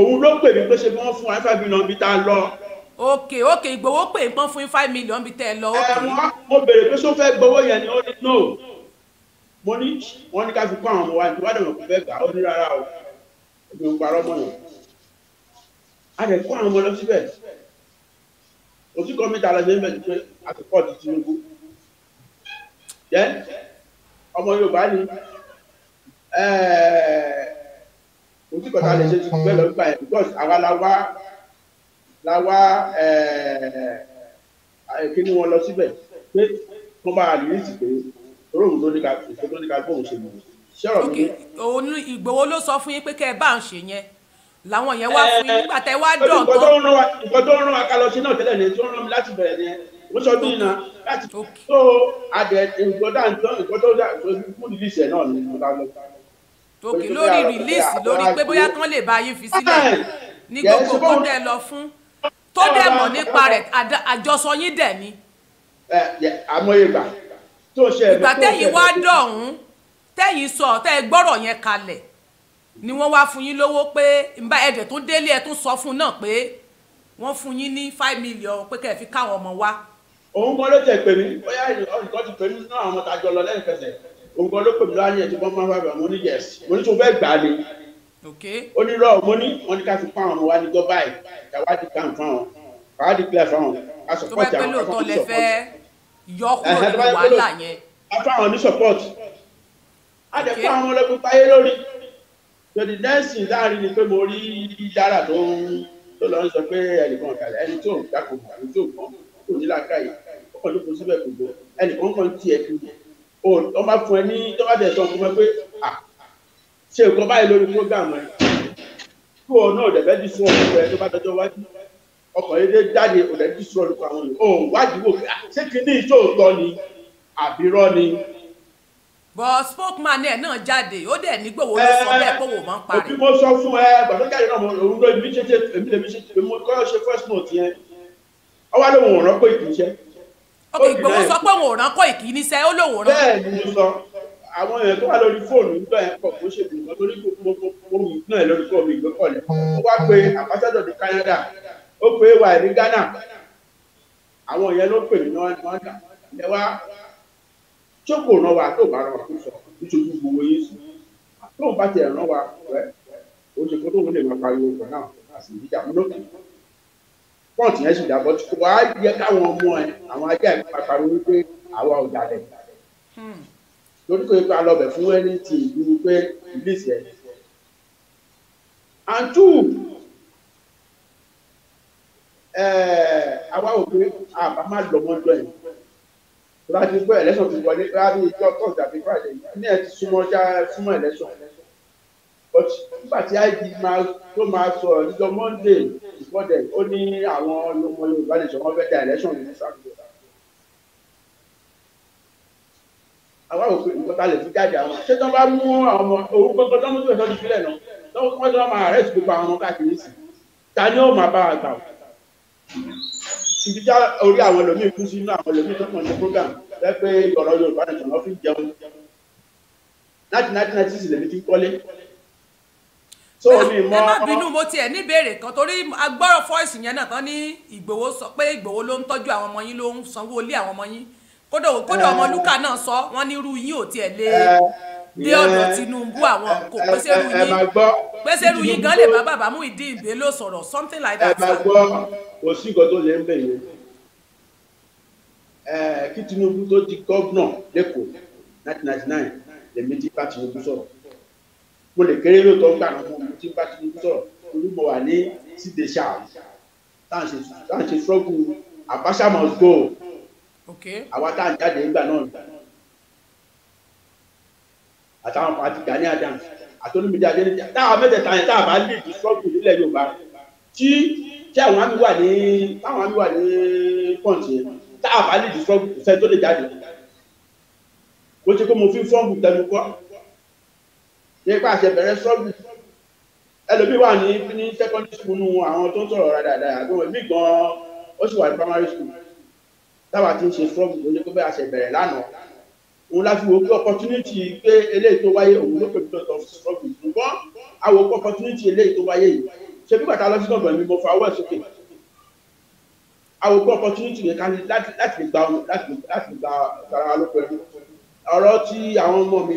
òun ló pè mí pé ṣe bí wọ́n fún wa ní five million bí tá a lọ ok ok ìgbowó pè ń pọ́n fún five million bíi tẹ́ ẹ lọ. ẹ wọn mo béèrè pé sọ fẹ́ gbowó yẹn ni ó ní no mo ní wọn ní ká fi kó àwọn ọmọ wa ní wàá dẹ̀mọ̀ kó fẹ́ gbà ó ní rárá o èmi ò parọ́ mọ́ yẹn a lè kó àwọn ọmọ lọ síbẹ̀ òtún kọ́mítà lọ sí ẹ̀mẹ́ ti pé àkókò ti Tinubu jẹ́ ọmọ Yorùbá ni òtún kọ́ta lè ṣe ti gbẹ́ lọ́gbà yẹn because àwa la wá la wá eh, eh, kí ni wọ́n lọ síbẹ̀ pé wọ́n bá àdìrísì pé olóòwò tó ní ká tó ní ká gbóhùn ṣe mọ̀ ṣẹ́rọ̀ mi. òun Ìgbòho ló sọ fún yín pé kẹ́ ẹ bá ń ṣe yẹn làwọn yẹn wá fún yín nígbà tẹ́ wá eh, dọ̀ tán. nǹkan tó ń rán wa ká lọ sí náà tẹ́lẹ̀ ni tó ń rán mi láti bẹ̀rẹ̀ ni wọ́n sọ bíi náà láti tó adẹ nǹkan tó ń tán nǹkan tó ń fún rìlíìsì ẹ̀ náà ni mo bá lọ. tòkì lórí rìlíìsì lórí pé bóyá tán lè bá yín fi sílẹ̀ ní gbogbo kó tẹ́ lọ fún tó dẹ̀ mọ̀ nípa rẹ̀ àjọsọ yín dẹ̀ ni. àmọye gbà tó ṣe ẹ̀mí tó ṣe ìgbà tẹ́yìn wá dọ̀hún tẹ́yìn sọ tẹ́ ẹ gbọ́rọ̀ yẹn kalẹ̀ ni wọ́n wá fún yín lówó pé nba ẹ̀dẹ̀ tó délé ẹ̀ tó sọ fún náà pé wọ́n fún yín ní five million pé kẹ́ ẹ fi káwọn ọmọ wá. òun kan ló tẹ̀ pè mí bóyá nǹkan ti pè mí náà àwọn ọmọ tàjọ lọ lẹ́yìn fẹsẹ̀ òun kan ló pè mí lọ́wọ́ ó ní rọ mo ní wọn ní ká fi pa àwọn wa ní gọ báyìí káwá di kan fáwọn káwá di kílẹ̀ fáwọn a support àwọn a fọwọ́ support yọkùn ní wàhálà yẹn. a fáwọn ní support a dẹ̀ fún àwọn ọlọ́gbọ́n báyé lórí tòdì dẹ́sìn láàrin ni pé mo rí yàrá tó ń tó lọ ń sọ pé ẹnìkan kàlẹ́ ẹni tó ń dákò àbí tó ń kàn tó ní làákàyè ọkọ̀ ló kó síbẹ̀ kò gbọ́ ẹnìkan kan tiẹ̀ kú ọ bá fún ẹ ní tó bá dẹ̀ sọ fún ẹ pé ah ṣe nǹkan báyìí lórí program rẹ kí wọn náà dẹ̀bẹ́ dì sún ọ̀rọ̀ rẹ tó bá dọjọ́ wájú ọkọ̀ yìí dé jáde ọ̀dẹ̀ dì sún ọ̀rọ̀ àwọn èèyàn òun wájú wò pé ṣé kìíní ìṣòótọ́ ni àbírọ́ ni. bọ̀ spokesman ẹ̀ náà jáde ó dẹ̀ ní gbòòwò ló sọ bẹ́ẹ̀ kó wò mọ́ ń parí. òbí mo sọ fún ẹ gbàdúrà náà òun ló èmi ṣe èmi lèmi ṣe èmi kọ́ ṣe first note yẹn ọwọ́ lóun ò rán kó ìkíníṣẹ́. ok Ìgbòho sọ pé òun ò rán kó ìkíníṣẹ́ àwọn èèyàn tó wà lórí fóònù nígbà yẹn pọ̀ kó ṣe gbogbo torí gbogbo náà lórí fóònù ìgbẹ́kọ̀lẹ̀ ó wá pé àpásádọ̀ ní Canada ó pé wà ní Ghana àwọn èèyàn ló pè mí náà ní ọ̀dà ẹ wá ṣókò ràn wá tó bá ràn wá tó sọ nítorí gbogbo yín sùn tó bá tiẹ̀ ràn wá rẹ ó ṣe kó tó wọlé máa pariwo ìgbà náà àti ìdíjà múlòkè pọ́ǹtì yẹn sì dàbọ̀ tí wàá yẹ káwọn ọmọ ẹ àwọn ajá ẹ̀ pariwo wípé àwa ò jalè. Hmm torí pé ipa lọ bẹ̀ fún ẹni tí ìlú pé ìlísì ẹ̀ and two eh, àwa ò pé àbá má lọ mọ́ lọ ẹ̀ láti gbọ́ ẹ̀lẹ́sọ̀ ti wọlé láti ìjọ tọ́sí àti friday ní ẹ̀ ti súnmọ́ já súnmọ́ ẹ̀lẹ́sọ̀ but nígbà tí ig tó máa sọ ìjọ monday ìfọ́dẹ̀ ó ní àwọn ọmọ yorùbá nìṣọ́ wọn fẹ́ da ẹ̀lẹ́sọ̀ ní sàkóso àwọn òfin nǹkan tá a lè fi jáde àwọn ṣé tí wọ́n bá mú àwọn ọmọ òun gbogbo tó ń mú ìtọ́jú sílẹ̀ náà lọ́wọ́ wọ́n ti wọ́n máa arrest gbogbo àwọn ọmọ káàkiri sí ta ni ó máa bá wa gbà ibi tá orí àwọn ẹlòmíín kú sínú àwọn ẹlòmíín tó kàn ní program lẹ́pẹ́ ọ̀rọ̀ Yorùbá nìkan lọ́ fi jẹun láti nineteen ninety six lèmi ti kọ́lé so ẹ má bínú mo tiẹ̀ níbèrè kan torí agbọ́rọ̀ fọ́ìsì yẹn náà tán ní Ìgbòho sọ pé Ìgbòho ló ń tọ́jú àwọn ọmọ yín ló ń sanwó ilé àwọn ọmọ yín kódà eh. ọmọ lúkà náà sọ wọn ní irú yín ò tiẹ̀ lé dé eh, ọ̀dọ̀ eh, Tinubu àwọn kò pèsèrú yín pèsèrú yín gan lè bá bàbá mú ìdí ìgbé ló sọ̀rọ̀ something like that. ẹ máa gbọ́ kò sí nǹkan tó lè ń bẹ̀ yẹn kí Tinubu tó di gọ́vnà lẹ́kọ̀ọ́ nineteen ninety nine lèmi ti bá Tinubu sọ̀rọ̀ mo lè kéré lóòótọ́ gbà náà mo ti bá Tinubu sọ̀rọ̀ olúmọ wà ní sídèṣà táà ń ṣe struggle Abacha must go àwa tá à ń jáde nígbà náà gbà àtàwọn pàtí Gani Adams àtọ́numídé adéníjà táwa mẹ́tẹ̀ẹ̀ta yẹn táwa bá lè di sọ́ọ̀kù nílẹ̀ Yorùbá tí tí àwọn àmì wà ní táwọn àmì wà ní pọ́ǹtì yẹn táwa bá lè di sọ́ọ̀kù kò sẹ́ni tó lè jáde kó tí kó mo fi fọ́ọ̀mù tẹnu kọ́ ní ipa àṣẹ bẹ̀rẹ̀ sọ́ọ̀kù ẹlòmíì wà ní ní secondary school nù àwọn tó ń sọ̀rọ̀ rádàdà àgbọ̀n ẹ̀mí gan-an ó sì wà ní primary school táwa ti ń ṣe fúrọ́ọ̀mù tó ní kó bẹ́ẹ̀ àṣẹ bẹ̀rẹ̀ lánàá òun la fi wò pé opportunity pé eléyìí tó wáyé òun ló pèmí tó tọ́ fúrọ́ọ̀mù ṣùgbọ́n a wò pé opportunity eléyìí tó wáyé yìí ṣe bí bàtà lọ́sí gbọ̀ngàn mi mo fa owó ẹ̀ sókè a wò pé opportunity yẹn kan láti lè gba láti gba ara ló pẹ̀lú ọ̀rọ̀ tí àwọn ọmọ mi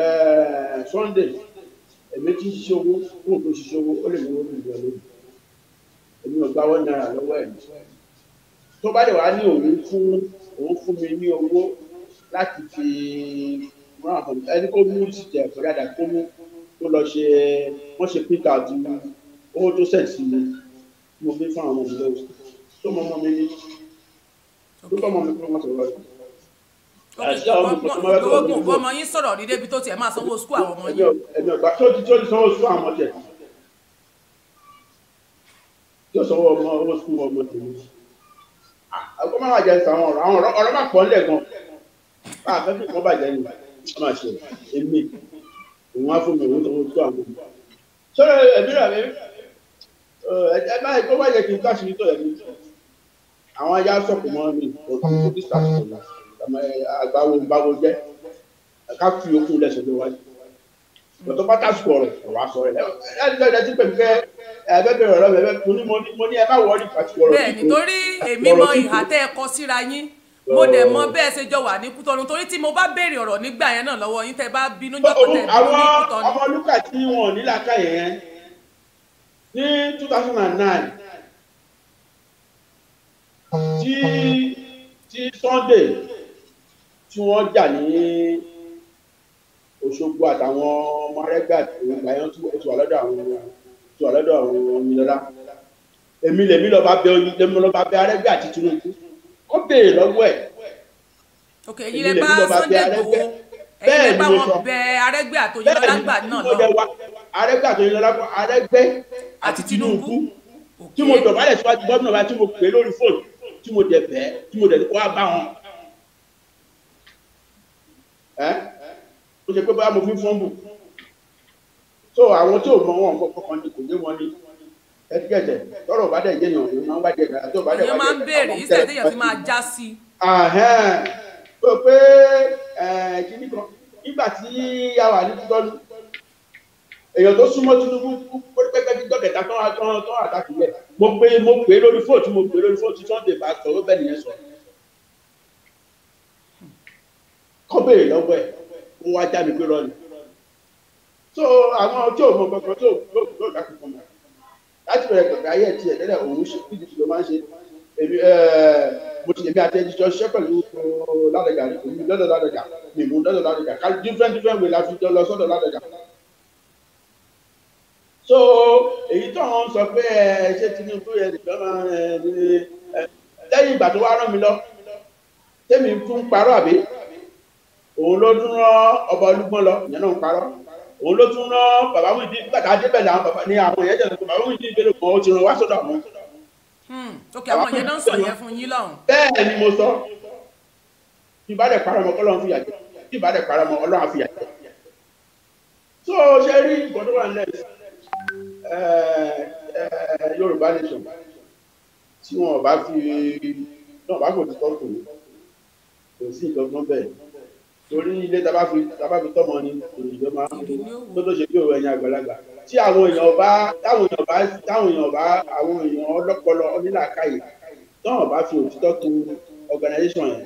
eh, Sunday èmi ti ṣiṣẹ́ owó fún òkú ṣiṣẹ́ owó ó lè mú owó mi lọ lónìí èmi ò gbà wọn náírà lọ́wọ́ ẹ̀ nìyẹn tó bá dẹ̀ wá ní òun fún òun fún mi ní owó láti fi rán àwọn ẹni kó mú tìjẹ ìfọdàdà kó mú kó lọ ṣe wọn ṣe pick out owó tó sẹ̀ sí mi mo fi fún àwọn ọmọ mi tó mọ ọmọ mi ní tó bá ọmọ mi kúrò wọn sọ̀rọ̀ yìí gbogbo ọmọ yín sọ̀rọ̀ ní débi tó tiẹ̀ máa sanwó sukú àwọn ọmọ yín. ẹ̀mí ọ̀gbà tó ti tó ti sanwó sukú àwọn ọmọ tẹ̀. yóò sanwó ọmọ owó sukú ọmọ tèmi àgọ́ máa wà jẹ́ sàwọn ọ̀rọ̀ àwọn ọ̀rọ̀ máa pọ̀ ńlẹ̀ bá a fẹ́ fi kàn bàjẹ́ ni a máa ṣe èmi òun á fún mi òun tó ń tó àwọn. sọ́dọ̀ ẹ̀mí rà mí ẹ báyìí tó bàjẹ́ kí n káṣírí tó ẹ̀mí àwọn ajá sọ̀kù mọ́ mi òtún tó ti sàkóso àgbáwo gbáwo jẹ́ ká fi okun lẹ̀ sọ́dọ̀ wájú gbọ̀tọ́ bá tàṣù ọ̀rọ̀ ọ̀rọ̀ aṣọ rẹ̀ láti lọ ìdájí pẹ̀lú pé ẹ̀ẹ́dẹ́gbẹ̀ ọ̀rọ̀ rẹ̀ mo ní mo ní ẹ má wọ́ọ̀rì tàṣù ọ̀rọ̀ bẹ́ẹ̀ nítorí èmi mọ ìhà tẹ́ ẹ kọ síra yín mo dẹ̀ mọ bẹ́ẹ̀ ṣe jọ wà ní kútọ́nu torí tí mo bá béèrè ọ̀rọ̀ nígbà yẹn náà lọ́wọ́ yín tẹ́ bá bínú jọ́kọ̀ tẹ̀ bínú ní kútọ́nu. àwọn ọmọ lúkà tí wọn ní làákà yẹn ní two thousand and nine tí tí Sunday tí wọ́n jà ní Òṣogbo àtàwọn ọmọ arẹ́gbà ìgbà yẹn tó wà lọ́dọ̀ àwọn tó wà lọ́dọ̀ àwọn Oyinlọ́lá èmi lèmi lọ bá bẹ oyin lèmi lọ bá bẹ arẹ́gbẹ́ àti Tinubu ó béèrè lọ́wọ́ ẹ̀ èmi lèmi lọ bá bẹ arẹ́gbẹ́ bẹ́ẹ̀ ni mo sọ bẹ́ẹ̀ ni mo jẹ wa arẹ́gbẹ́ àti Oyinlọ́lá gbà arẹ́gbẹ́ àti Tinubu tí mo dọ̀bálẹ̀ síwájú gómìnà bá tí mo pè lórí fóònù tí mo dẹ̀ bẹ́ẹ̀ tí mo dẹ̀ kó wá bá wọn ó ṣe pé bá mo fi fọ́nbù so àwọn tí ò mọ wọn kọkàn ni kò ní wọn ni ẹtíkẹtẹ tọrọ bá dẹ jẹyàn ọhún máa ń bá jẹgbẹ àti ọba dẹ bá jẹgbẹ. ìyẹn máa ń béèrè ìṣẹ̀lẹ̀ tẹ̀yàn ti máa já sí. tó pé kíní kan nígbà tí a wà ní èèyàn tó súnmọ́ Tinubu pẹ́pẹ́pẹ́ ti dọ́kẹ̀ta tán tán àtàkùn rẹ̀ mo pé mo pè lórí fóòtù mo pè lórí fóòtù Sunday bá sọ̀rọ̀ bẹ́ẹ̀ nìyẹn sọ. kọ́ béèrè lọ́wọ́ ó wá já mi pé rọlì so àwọn tí ò mọ kankan tí ò gbọ́dọ̀ gbà kankan mọ̀ láti bẹ̀rẹ̀ gbẹ̀gbẹ̀ ayé ẹ̀ tiẹ̀ tẹ́lẹ̀ òun ṣe kí ìdìbò máa ń ṣe èmi mo ti èmi àti ẹni jọ ṣiṣẹ́ pẹ̀lú ládẹ́gà èmi lọ́dọ̀ ládẹ́gà mìmú lọ́dọ̀ ládẹ́gà ká different different way la fi jọ lọ sọ́dọ̀ ládẹ́gà so èyí tó ń sọ pé ẹ ṣé Tinubu yẹn nìkan máa ẹ lẹ́yìn ìgbà tó wá rán mi lọ tẹ́mi tún parọ́ àbí òun ló tún rán ọba olúgbọ́n lọ ìyẹn náà ń parọ́ òun ló tún rán bàbá wíìdì nígbà tá a débẹ̀ làwọn bàbá ni àwọn ìyẹn jẹ̀dọ̀ bàbá wíìdì ìbéèrè kan ó ti rán wá sọ́dọ̀ àwọn. Hmm, ok àwọn ìyẹn náà ń sọ yẹn fún yín lọ́hùn. bẹ́ẹ̀ ni mo sọ tí ìbá dẹ̀ parọ́ ọlọ́run fìyà jẹ tí ìbá dẹ̀ parọ́ ọlọ́run fìyà jẹ. tó ṣe rí ìgbọ́dọ̀ wà nílẹ̀ Yorùbá nation tí wọn ò fi torí ilé tàbá fi tọmọ ni òyìnbó máa ń mú tó tó ṣe bí òwe ẹ̀yin àgbàlagbà tí àwọn èèyàn bá táwọn èèyàn bá táwọn èèyàn bá àwọn èèyàn ọlọ́pọlọ onílàákàyè táwọn bá fi òtítọ́ kun organisation yẹn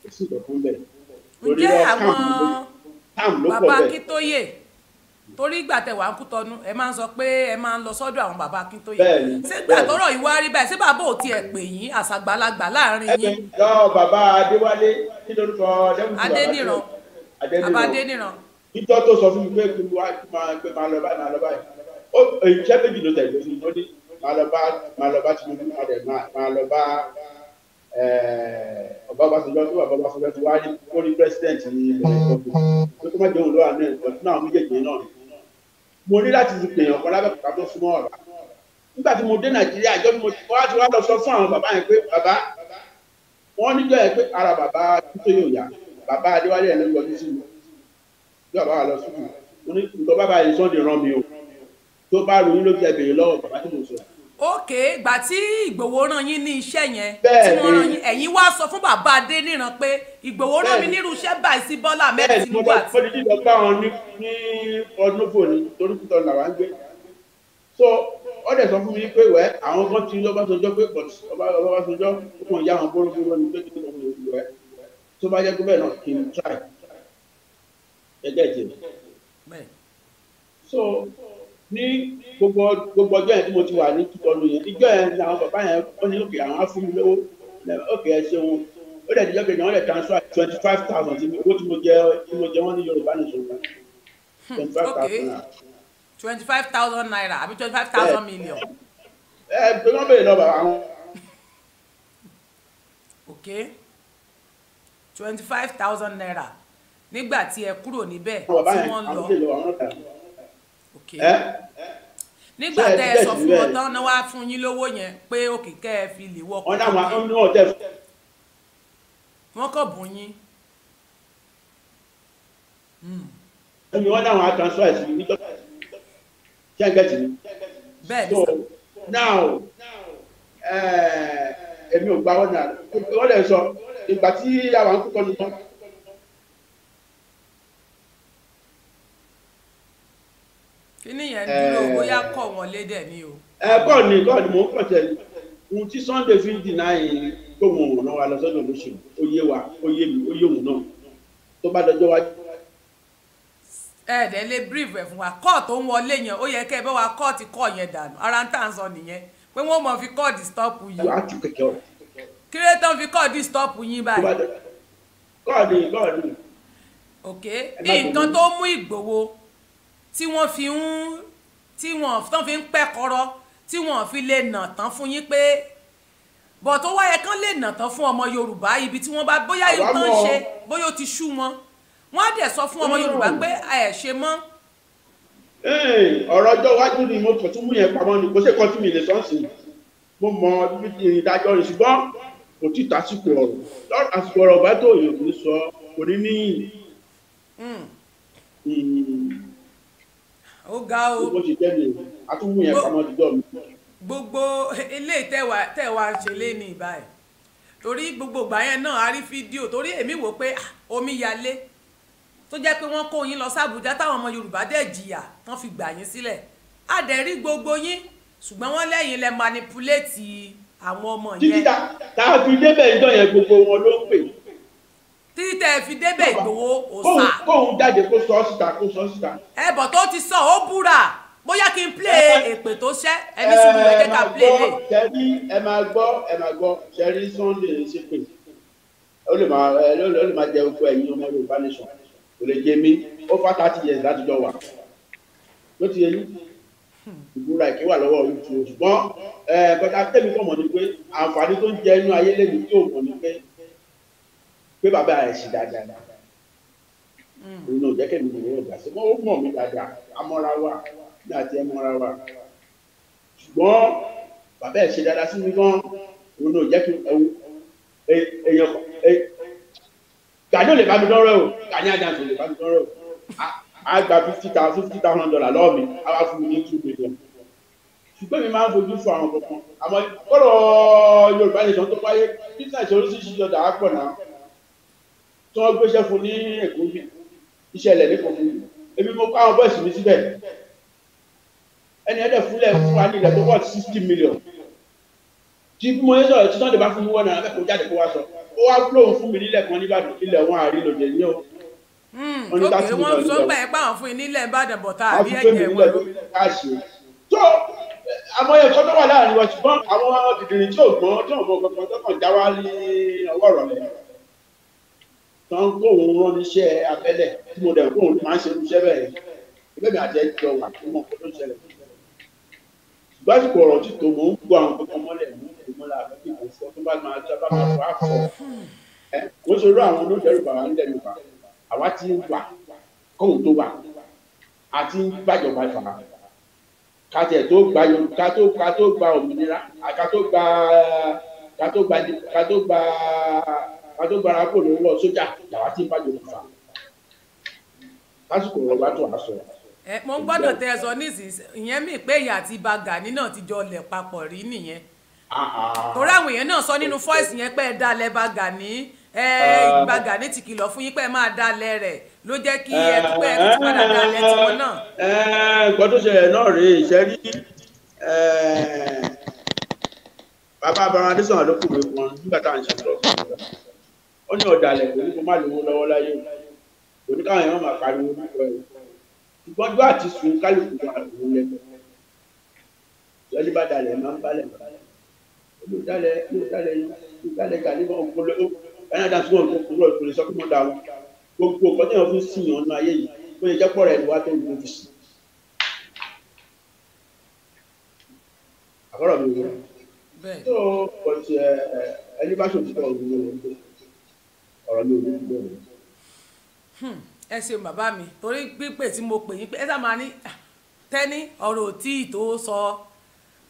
kò sí ìtọ́kùn bẹ́ẹ̀. ǹjẹ́ àwọn bàbá Akíntóyè torí ìgbà tẹ wàá kú tọnu ẹ máa ń sọ pé ẹ máa ń lọ sọ́dọ̀ àwọn bàbá Akíntóyè ṣé gbà tọrọ yìí wá rí báyìí ṣé bàbá ò tiẹ̀ pè yín àṣàgbàlagbà láàrin yín. ẹ lọ bàbá Adéwálé kí lórúkọ dẹ́kun Adéníran bàbá Adéníran. ìjọ tó sọ fún mi pé kí n wá pé máa lọ báyìí máa lọ báyìí ó ìṣẹ́ méjì ló tẹ̀lé mi ló ní máa lọ bá máa lọ bá Tinubu máa dẹ̀ máa lọ bá eh, Ọbásanjọ́ tó wà Ọbásanjọ́ tó wá ní pólí pírẹsidẹ̀ntì ní ilẹ̀ ẹ̀kọ́ tó tó má jẹun lọ́wọ́ àná ẹ̀kọ́ tó náà méjèèjì náà mo ní láti pè yàn kọ́ lábẹ́kọ̀ọ́ tó súnmọ́ ọ̀rá nígbà tí mo dé nàìjíríà ìjọ bí mo ti wá ti wá lọ sọ fún àwọn bàbá yẹn pé bàbá wọn níjọ yẹn pé ara bàbá tó yóò yá bàbá adéwálé yẹn ló yọjú sí mi bí bàbá wa lọ sùkúù mo ní nǹkan bàbá yẹn sọ́ọ̀dì rán mi o tó bá ronú ló fi ẹ̀bẹ̀rẹ̀ lọ́wọ́ bàbá tí mo sọ̀rọ̀ ok ìgbà tí ìgbòho rán yín ní iṣẹ́ yẹn tí wọ́n rán yín ẹ̀yin wá sọ fún bàbá adé níran pé ìgbòho rán mi nírú iṣẹ́ báyìí sí bọ́lá mẹ́rin tinubu àti. bẹ́ẹ̀ mo lọ bá wọn ní ọdún fò ní torí tuntun làwọn gbé so wọ́n dẹ̀ sọ fún mi pé wẹ́ àwọn kan ti lọ́bàṣọjọ́ pé lọ́bàṣọjọ́ fún ìyá àwọn bórobóró ni pé kí lọ́kùnrin òbí wẹ́ tó bá jẹ́ pé bẹ́ẹ̀ náà kì í try ẹgbẹ́ ìtì so ní gbogbo gbogbo ọjọ́ yẹn tí mo ti wà ní tutọ́nu yẹn ìjọ yẹn ni àwọn bàbá yẹn wọ́n ní òkè àwọn afúnmi lówó òkè ẹ ṣeun ó dẹ̀ díjọ́ kejì wọ́n lè transfer twenty five thousand tí owó tí mo jẹ tí mo jẹ wọ́n ní Yorùbá nìṣó kan hmm, twenty five thousand naira. àbí twenty five thousand million. ẹ ẹ pé wọ́n béèrè lọ bàbá ok twenty five thousand naira nígbà tí ẹ kúrò níbẹ̀ tí wọ́n lọ. Eh? nígbà tẹ ẹ sọ fún wọn tán náà wàá fún yín lówó yẹn pé òkè kẹ ẹ fi lè wọkọ. wọn dáhùn àwọn ọmọ tẹ wọn kọ bùn yín. ẹni hmm. wọn dáhùn àtàǹsọ ẹsìn nítorí ṣẹńgẹtì ni. bẹ́ẹ̀ ni sọ. now eh, èmi ò gba wọn náà wọn lè sọ ìgbà tí àwọn akókò nìkan. kíní yẹn eh, dúró bóyá kọ̀ wọ́n lédè ni o. ẹ eh, kọ́ ni kọ́ ni mò ń pọ̀ tẹ̀ ohun tí Sunday fi ń dìnnà yìí tó wọn ò náà wà olóṣèlú ó yé wa ó yé mi ó yé òun náà tó bá dọjọ́ wájú ẹ̀ẹ́dẹ̀ eh, lè brief ẹ̀ fún wa kóòtù ń wọlé yẹn ó yẹ kẹ́ ẹ bá wa kóòtù kọ́ yẹn dànù ara ń tà ń sọ nìyẹn pé wọ́n mọ̀ fi kóòtù stop yìí. kírétàn fi kóòtù stop yín báyìí. kóòtù kóòtù. ok bí nǹkan tó mú Ìgbòho tí wọ́n fi ń tí wọ́n tán fi ń pẹ́ kọ́rọ́ tí wọ́n fi lè nà tán fún yín pé bọ̀ tó wáyé kán lè nà tán fún ọmọ Yorùbá ibi tí wọ́n bá bóyá yìí tán ṣe bóyá ó ti ṣú wọn wọ́n á dẹ̀ sọ fún ọmọ Yorùbá pé ẹ̀ ṣe mọ́. ọ̀rọ̀ ọjọ́ iwájú ni mo kàn tún mú yẹn pamọ́ ni kò sí kan tí mi lè sọ sí mo mọ ìrìn ìdájọ́ rẹ̀ ṣùgbọ́n kò tí tásìkò ọ̀rọ̀ lọ́rọ̀ àsìkò ọ̀rọ̀ bá tó èèyàn kì í sọ kò ní níyìn. Hmm ó ga o bó ṣe jẹ́ nìyẹn atúwò yẹn pamọ́ dídọ́ mi. gbogbo eléyìí tẹ́wà tẹ́wà ṣe lé ní ìbáyìí torí gbogbo ìgbà yẹn náà a rí fídíò torí èmi wò pé ah, omi yalé tó jẹ́ pé wọ́n kó yín lọ sí Àbújá táwọn ọmọ Yorùbá dẹ̀ jìyà wọ́n fi gbà yín sílẹ̀ a dẹ̀ rí gbogbo yín ṣùgbọ́n wọ́n lẹ́yìn lẹ manipulate àwọn ọmọ yẹn. títí tá a fi débẹ̀ ìjọ yẹn gbogbo wọn ló ń pè é títí tẹ fi débẹ̀ Ìgbòho òòsà. kóun jáde kó sọ síta kó sọ síta. ẹbọ tó ti sọ ó búra bóyá kí n play èpè tó ṣẹ ẹbí sùn lè jẹ ká play lè. sẹ́rí ẹ máa gbọ́ ẹ máa gbọ́ sẹ́rí Sunday ṣe pé ó lè máa ó lè máa jẹ oko ẹ̀yin ọmọ Yorùbá nation kò lè jẹ mí ó fà thirty years láti jọ wà ló ti yẹ yín ìbúra ìké wà lọ́wọ́ orí tu ṣùgbọ́n ẹ̀ẹ́dọ́ta tẹ̀mí kọ̀ mọ̀ ni pé àǹfààní tó ń jẹ inú ayé lẹ́yìn tí ò ni pé pé bàbá rẹ̀ ṣì dáadáa hmm. òun náà jẹ́ kẹ́mi ìwé ọ̀gá sí wọ́n mọ̀ mí dáadáa amọ́ra wa ní àti ẹmọ́ra wa ṣùgbọ́n bàbá ẹ̀ ṣe dáadáa sí mi gan òun náà jẹ́ kí èèyàn gàdó lè bá mi dọ́rọ̀ o gàdí àjàǹtò lè bá dọ́rọ̀ o a gba fifty thousand fifty thousand dollar lọ́wọ́ mi a wá fún mi ní two million ṣùgbọ́n mi máa ń fojú fún àwọn kankan àmọ́ kọ́rọ̀ Yorùbá nation tó wáyé business oríṣiríṣi tí wọ́n gbéṣẹ́ fún ní èkó bí ìṣẹ̀lẹ̀ ní kòkó èmi mo kọ́ àwọn bọ́ọ̀sì mi síbẹ̀ ẹni ẹ̀dẹ̀ fúnlẹ̀ fún wa ní ilẹ̀ tó wọ́n sixty million tí mo yẹ sọ̀rọ̀ tí sunday bá fún mi wọ́n náà kẹ́kọ̀ọ́ jáde kó wá sọ ó wá gbóhùn fún mi nílẹ̀ kan níbàdàn ilẹ̀ wọn àrí lòdì hmm, ní o. òkè wọn sọ pé ẹ pàwọn fún nílẹ̀ ìbàdàn bọ̀ tá àbí ẹ̀jẹ̀ wọn lómi. tó àmọ́ ẹ̀kọ́ tó wà láàrin wọn ṣùgbọ́n àwọn dìdìrín tí ò gbọ́n tí ò gbọ́n kankan tó kàn já wá ní ọwọ́ rọ̀ tó ń kó òun rán níṣẹ́ abẹ́lẹ̀ tí mo dẹ̀ kó òun máa ń ṣe irúṣẹ́ bẹ́ẹ̀ ìbẹ́mi àti ẹjọ́ wà fún ọkọ tó ṣẹlẹ̀. ìbáṣepọ̀ ọ̀rọ̀ ti tó mò ń gbọ́ àwọn kankan mọ́lẹ̀ mú ìmọ̀lá àbẹ́bí kò fọ́ tó bá máa jẹ́ bá máa fọ́ àfọ́ ẹ̀ mo ṣe rú àwọn olóṣèlú bàbá ń dẹnu bá àwa ti ń wà kóhun tó wà àti ń gbàjọba ìfà kàtẹ tó gba òmìnira àkàtó gba kàtó gba kàtó gba adógbára kò ní wọ sójà làwọn ti ń bá yorùbá fà lásìkò ìrọ̀lá tó wàá sọ. ẹ mo ń gbọ́dọ̀ tẹ ẹ sọ nísinsìnyí ìyẹn mi pé ìyá àti ibà gani náà ti jọ lẹ̀ papọ̀ rí nìyẹn torí àwọn èèyàn náà sọ nínú fọ́ìsì yẹn pé ẹ dalẹ̀ bá gani ìgbà gani ti kìlọ̀ fún yín pé ẹ máa dalẹ̀ rẹ̀ ló jẹ́ kí ẹ ti pẹ́ ẹ ti padà dalẹ̀ tiwọn náà. nǹkan tó ṣẹlẹ̀ náà rèé ìṣẹ́rí bàbá abaradé sọ̀rọ̀ ló kù mí wọn nígbà táwọn ìṣẹ̀lẹ̀ lọ́wọ́ ó ní ọ̀dàlẹ̀ kò ní kó má lówó lọ́wọ́ láyé kò ní káwọn èèyàn máa pariwo nípa ẹ̀ ṣùgbọ́n bí wàá ti sùn kálukú wà lówó lẹ́gbẹ̀ẹ́ lọ́dí bá dalẹ̀ máa ń balẹ̀ olùdalẹ̀ olùdalẹ̀ olùdalẹ̀ gàdí máa ń kólé ẹ̀yìn àdá sùn ọ̀dọ́ kúrò ìpínlẹ̀ sọ́kùnmọ́ dà wọ́n gbogbo ọ̀kọ́ tẹ̀yàn fún sí ìyàn náà ayé yìí wọ́n yẹ jẹ́pọ̀ rẹ̀ wá tó ń gbòòfì sí. àkọ́rọ̀ mi wúra tó ọ̀tí ẹni bá ṣòfin tó ọ̀gbìn ló ń gbé ọ̀rọ̀ mi ò ní bẹ̀rẹ̀. ẹ ṣeun bàbá mi torí pípè tí mo pè yín pé ẹ sá máa ní ah, tẹ́ni ọ̀rọ̀ tí ì sọ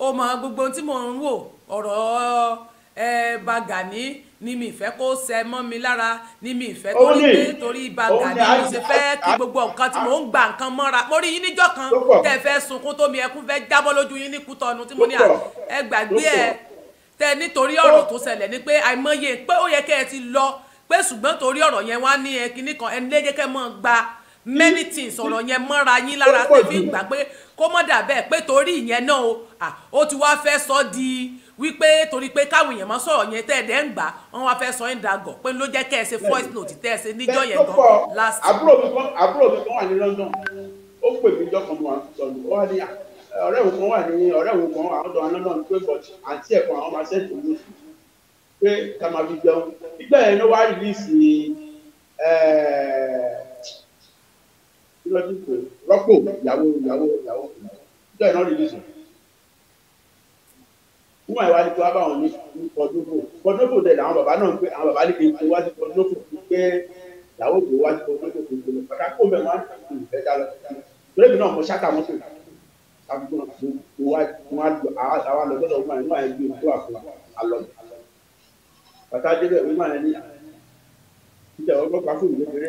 ó mọ gbogbo tí mo ń wò ọ̀rọ̀ ẹ Bagani ni mi ìfẹ́ kó ṣẹ mọ́ mi lára ni mi ìfẹ́ torí pé torí Bagani mo ṣe fẹ́ kí gbogbo nǹkan tí mò ń gba nǹkan mọ́ra mo rí yín níjọ́ kan tẹ́ ẹ fẹ́ sunkún tó mi ẹkún fẹ́ jábọ́ lójú yín ní Kútọ́nù tí mo ní ah, ẹ gbàgbé ẹ tẹ nítorí ọ̀rọ̀ tó ṣẹlẹ̀ ni pé àìmọye pé ó yẹ kẹ́ ẹ ti lọ pé ṣùgbọ́n torí ọ̀rọ̀ yẹn wá ní ẹkíní kan ẹni lédè kẹ́ mọ́ gba many things ọ̀rọ̀ yẹn mọ́ra yín lára tẹ̀fí gbà pé kó mọ́ dà bẹ́ẹ̀ pé torí ìyẹn náà ó ti wá fẹ́ sọ di wípé torí pé káwọn èèyàn máa sọ̀rọ̀ yẹn tẹ̀dẹ̀ ń gbà wọ́n wá fẹ́ sọ yín dàgọ̀ pé ló jẹ́ kẹ́ ẹ ṣe voice note tẹ́ ẹ ṣe níjọ́ yẹn gan last. àbúrò mi kan àbúrò mi kan wà ní London ó pè mí jọ́ kan mo wà sọ̀rọ̀ ó ọ̀rẹ́ òun kan wà ní ọ̀rẹ́ òun kan àwọn ọ̀dọ́ aná náà ń pé bọ̀t àǹtí ẹ̀kọ́ àwọn máa ṣẹ́ẹ̀tì pé ká máa fi jẹun nígbà yẹn ló wá rìlíìsì lọ́dún pé rọ́pò ìyàwó ìyàwó ìyàwó nígbà yẹn ló rìlíìsì fún àìwá ní kí wọ́n bá ní kọ́dóbò kọ́dóbò dẹ̀ làwọn bàbá náà ń pè àwọn bàbá ní kí n wá sí kọ́dóbò pé ìyàwó kò wá sí kọ́dóbò kò tó lọ kó mẹ́wàá ń tàkì ìfẹ́ dá lọ torí mi náà mo ṣáta mọ́tò àbúkù náà kó wá àwọn àlọ́ lọ́dọ̀ wọn àìní àìní òkú àfọ àlọ́ bàtà débẹ̀ wọ́n máa ní ìjà ọlọ́pàá fún ìlú kéré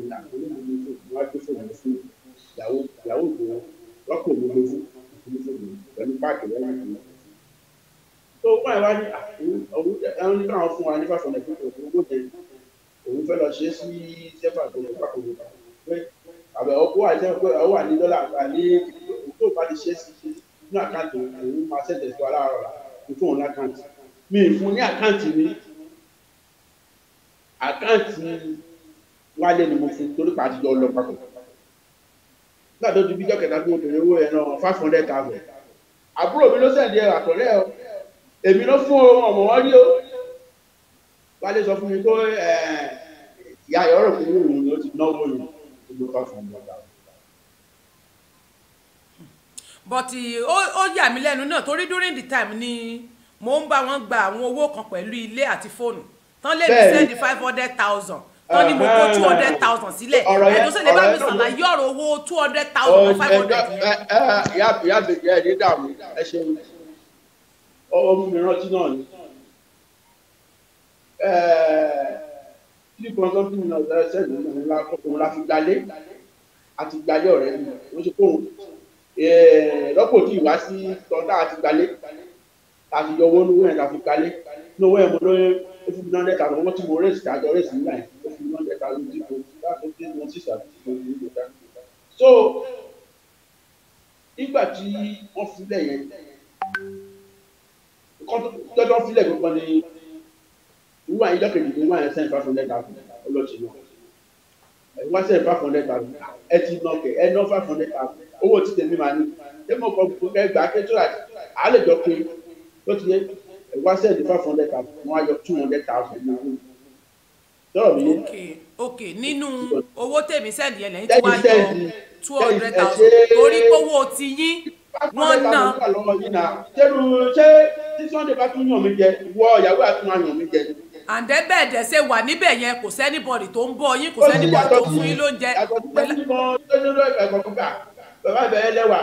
ìlà onígbòmí fún wọn fún ìlú fún ìyàwó ìyàwó ìgbòho lọ́pọ̀ gbogbo fún ìlú fún ìlú pẹ̀lú páàkì lẹ́yìn ìlú. tó wọ́n ìwá ní àwọn ah, ẹni káwọn fún wa ní fàfọ̀n ẹ̀kọ́ òkú owó jẹ òun fẹ́ lọ ṣe é sí sẹ́fà tó lọ pàkó lọ pé àbẹ̀ ọkọ̀ àti ọwọ́ àní dọ́là àní òkú òbá ti ṣe é sí nínú àkáǹtì òun máa ṣẹ̀ṣẹ̀ tó aláàrọ̀ rà fún òun lákáǹtì mi ì fún ní àkáǹtì mi àkáǹtì wálé ni mo fún torí pa àtijọ́ lọ papọ̀ nígbà tó di bíjọ́ kẹta bí obìnrin owó ẹ̀ five hundred thousand àbúrò mi ló sẹ̀dí ẹ̀rọ ọ èmi ló fún ọmọ wọn rí o wálé sọ fún mi pé ìyá ìyọ́rọ̀ kò wúrò ni ó ti náwó yìí ló bá fún ọmọ ọ̀gá bọ̀tì ó yà mí lẹ́nu náà torí during the time ni mo ń bá wọn gba àwọn owó kan pẹ̀lú ilé àti fóònù tán lè mi sẹ́ndì five hundred thousand tán ní mo kó two hundred thousand sílẹ̀ ẹ̀dùn sẹ́ni bá mi ṣàlàyé ọ̀rọ̀ owó two hundred thousand oh, five hundred yẹn. ìyá ìyá bèbè ẹ̀ ní dààmú ẹ ṣeun ọmọ mi rántí náà ni kí kan tó fún mi náà lọ sẹ́yìn òun la òun la fi gbalé àti gbalé ọ̀rẹ́ mi òun ṣe kóhun rọ́pò tí ìwá sí tọ́ta àti gbalé àti yọ owó lówó yẹn la gbalé lówó yẹn mo lóyún ó fún mi náà lẹ́ka àwọn tí mo rẹ́sì kájọ rẹ́sì nígbà yẹn ó fún mi náà lẹ́ka ló dìbò láti dé mo sì ṣàtúnṣe lórí ìlú dá. so nígbà tí wọ́n filẹ̀ yẹn tọ́jọ́ filẹ̀ gbogbo ni wúwo àyíjọ kejì ni wúwo àyẹ̀ sẹ́yìn fáfún lẹ́ka ọlọ́ọ̀tì náà wá sẹ́yìn fáfún lẹ́ka ẹ ti nà kẹ ẹ ná fáfún lẹ́ka owó ti tẹ̀mí màá ní tẹ́mọ̀ kọ́ gbẹ́gbà kẹ́tọ́ àlejò pé ó ti yẹ ẹ wá sẹ́ẹ̀dì five hundred thousand wọ́n á yọ two hundred thousand nínú sọ̀rọ̀ mi. ok ok nínú owó tèmi sẹ́ẹ̀dì yẹn lẹ́yìn tí wọ́n á yọ two hundred thousand torí kówó ti yín wọ́n ná. ṣerú ṣé tí sunday bá tún yàn mí jẹ wọ ìyàwó àtúnwá yàn mí jẹ. àǹdẹ́bẹ̀ dẹ̀ ṣe wà níbẹ̀ yẹn kò sẹ́nibọ̀dì tó ń bọ̀ yín kò sẹ́nibọ̀dì tó fún yín lóúnjẹ. bàbá ìbẹ̀rẹ̀ lẹ́wà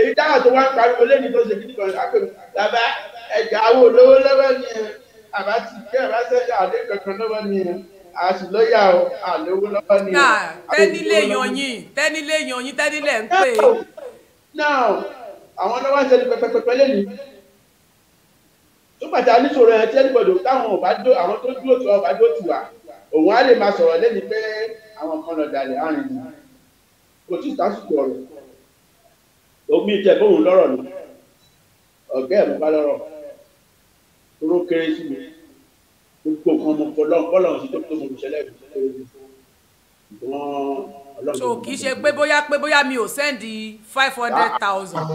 èyí dáhà tó wá ń pariwo lẹ́ni tó ṣe kí ẹ̀jẹ̀ àwọn olówó lọ́wọ́ ni ẹ̀ àbá ti gbé àbá sẹ́yìn àdé kankan lọ́wọ́ ni ẹ̀ àṣìlóyà o àlówó lọ́wọ́ ni ẹ̀. tẹ́nilé yan yín tẹ́nilé yan yín tẹ́nilé ń pè. now àwọn lọ́wọ́ ń sẹ́ni pẹpẹpẹpẹ lẹ́nu nígbà tá a níṣòro ẹ̀ tí ẹnìbọ̀dọ̀ táwọn ò bá dó àwọn tó dúró tó ọba dó tù wá òun á lè máa sọ̀rọ̀ lẹ́ni pé àwọn kan lọ dalẹ̀ àrùn yìí kò tí ì sásùkò ọ̀rọ̀ omi ìtẹ̀ bóun lọ́rọ̀ ni ọ̀gá ẹ̀ mú bá lọ́rọ̀ oró kéré sí mi gbogbo nǹkan mo kọ lọ́n sí tó tó mo lù sẹ́lẹ̀ kéré sí kì í ṣe pé bóyá pé bóyá mi ò sẹ́ndì five hundred thousand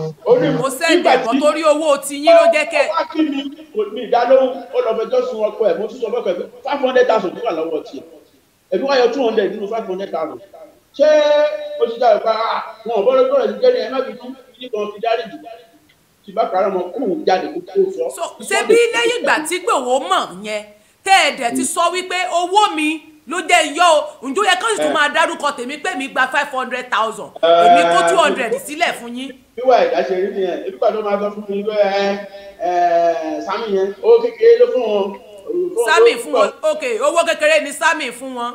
mo sẹ́ndì ẹ̀kọ́ torí owó tiyín ló jẹ́ kẹ́. wá kí mi kò ní ìdálóhùn ọlọ́mọjọ́ sun ọkọ ẹ̀ mo tún sọ fọ́kọ̀ ẹ̀ five hundred thousand tó wà lọ́wọ́ tiẹ̀ ẹ̀mí wáyọ two hundred nínú five hundred thousand ṣé oṣù tí a rẹ̀ pa wọn ò bọ́ lọ́gbọ́n rẹ̀ ti tí bá kàrọ̀ mọ kóun jáde kó tó sọ. ṣé bí lẹ́yìn ìgbà tí gbòòwò mọ̀ yẹn tẹ́ ẹ dẹ̀ ti sọ wípé owó mi ló jẹ́ iyọ́ o ǹjọ́ yẹ kán sì tún eh. máa dárúkọ tèmi pé mi gba five hundred thousand eh. èmi kó two hundred sílẹ̀ fún yín. wíwá ẹ̀dá ṣe rí nìyẹn ebi pàdé máa sọ fún mi pé ẹ eh, ẹ sami yẹn owó kékeré ló fún wọn. sami fún wọn ok owó kékeré ni sami fún wọn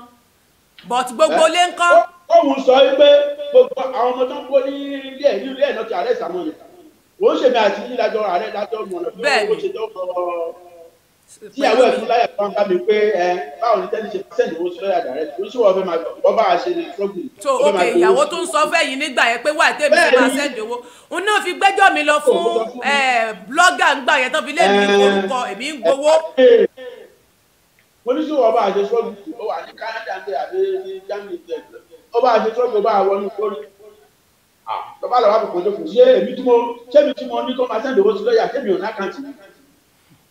but gbogbo lé ń kọ́. ó ń sọ pé gbogbo àwọn ọmọ tó ń kó ní ilé ẹ̀ ní ẹ̀ náà ti àrẹ́ ìsàmúlẹ̀ ó ṣe mi àti yín lájọ ààrẹ lájọ mọ̀nà bí ó ṣe jọ kọ tíyàwó ẹ̀ láyà kan bá mi pé ẹ báwo ni tẹ́lẹ̀ ṣe owó sí lọ́yà dàrẹ́ tó ṣùgbọ́n ọbẹ̀ máa gbọ́ bá a ṣe ní struggle. tó ok ìyàwó tó ń sọ fẹ́yìn nígbà yẹn pé wà tẹ́mi ṣe máa send owó n náà fi gbẹ́jọ́ mi lọ fún blogger ńgbà yẹn tó fi lé mi orúkọ èmi ń gbowó. mo ní ṣùgbọ́n ọba àṣẹ struggle ó wà ní Canada àti Germany ọba àṣẹ struggle Ah, tọ́ba lọ́wọ́ àbùkù ọjọ́ kò yé èmi tí mo ṣé mi tí mo ní tó máa sẹ́ndì owó sí lọ́yà ṣé mi ò ní àkáǹtì mi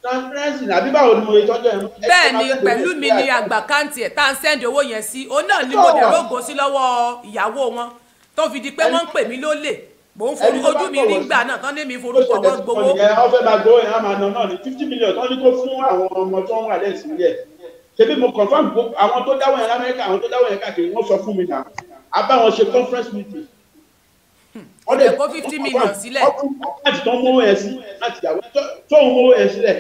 transparency àbí báwo ni mo lè tọ́jú ẹ̀. bẹ́ẹ̀ ni pẹ̀lú mi ni àgbà káǹtì ẹ̀ tá à ń sẹ́ndì owó yẹn sí òun náà ni mo dẹ̀rọ ògo sí lọ́wọ́ ìyàwó wọn tó fi di pé wọ́n ń pè mí lólè mò ń forúkọ ojú mi rí gbà náà tán lé mi forúkọ wọn gbowó. ọfẹ máa gbowó yẹn á máa ná náà ní fifty million tán ní kó fún àwọn ọmọ tó ń wà lẹ́sìn yẹn ṣebí mo confam àwọn tó dáwọ́ yẹn lamẹ́ríkà àwọn tó dáwọ́ yẹn káàkiri wọ́n sọ fún mi náà a bá wọn ṣe conference meeting wọ́n hmm. lè kó fifty million sílẹ̀. láti tó ń mówó ẹ sí láti yàwó tó ń mówó ẹ sílẹ̀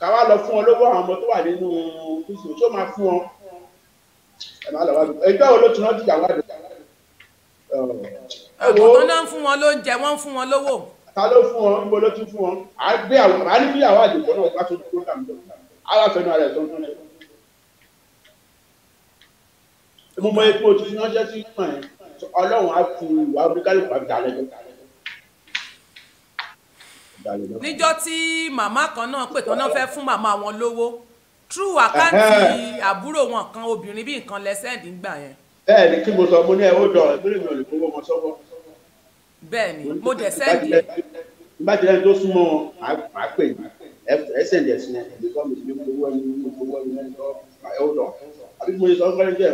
káwá lọ fún ọ lọ́wọ́ àwọn ọmọ tó wà nínú kùsùn tó máa fún ọ ẹgbẹ́ wo ló ti yàwó àdùn. ọ̀gbọ̀n náà ń fún wọn lóúnjẹ wọ́n ń fún wọn lówó. ta ló fún ọ níbo ló tún fún ọ à á gbé àwọn àá ní bí yàwó àdùn náà bá tún dúró dàmú lọ ara fẹnu ara ẹ̀ tó ń tún ẹ̀. mo mọ epo tí wọ́n jẹ́ sí ọlọ́run á fi ìwà oníkálùkù àbí dalẹ̀ lọ. níjọ́ tí màmá kan náà pè tán náà fẹ́ fún màmá wọn lówó true àkáǹtì àbúrò wọn kan obìnrin bí nǹkan lẹ́sẹ̀ǹdì ń gbà yẹn. bẹ́ẹ̀ni kí mo sọ mo ní ẹ ó dọ̀rọ̀ ìpínlẹ̀ mi ò lè fowó wọn sọ́wọ́. bẹ́ẹ̀ni mo dẹ̀ sẹ́ǹdì ẹ̀. nígbà tí tó súnmọ́ wọn pè mí ẹsẹ̀ǹdì ẹ̀sìn ẹ̀ ẹ̀dẹ̀kọ́ mi ti ní owó ẹni ní owó ẹni lẹ́ńtọ́ ẹ̀ ó dọ̀ àbí mo sọ fẹ́rẹ́ jẹ́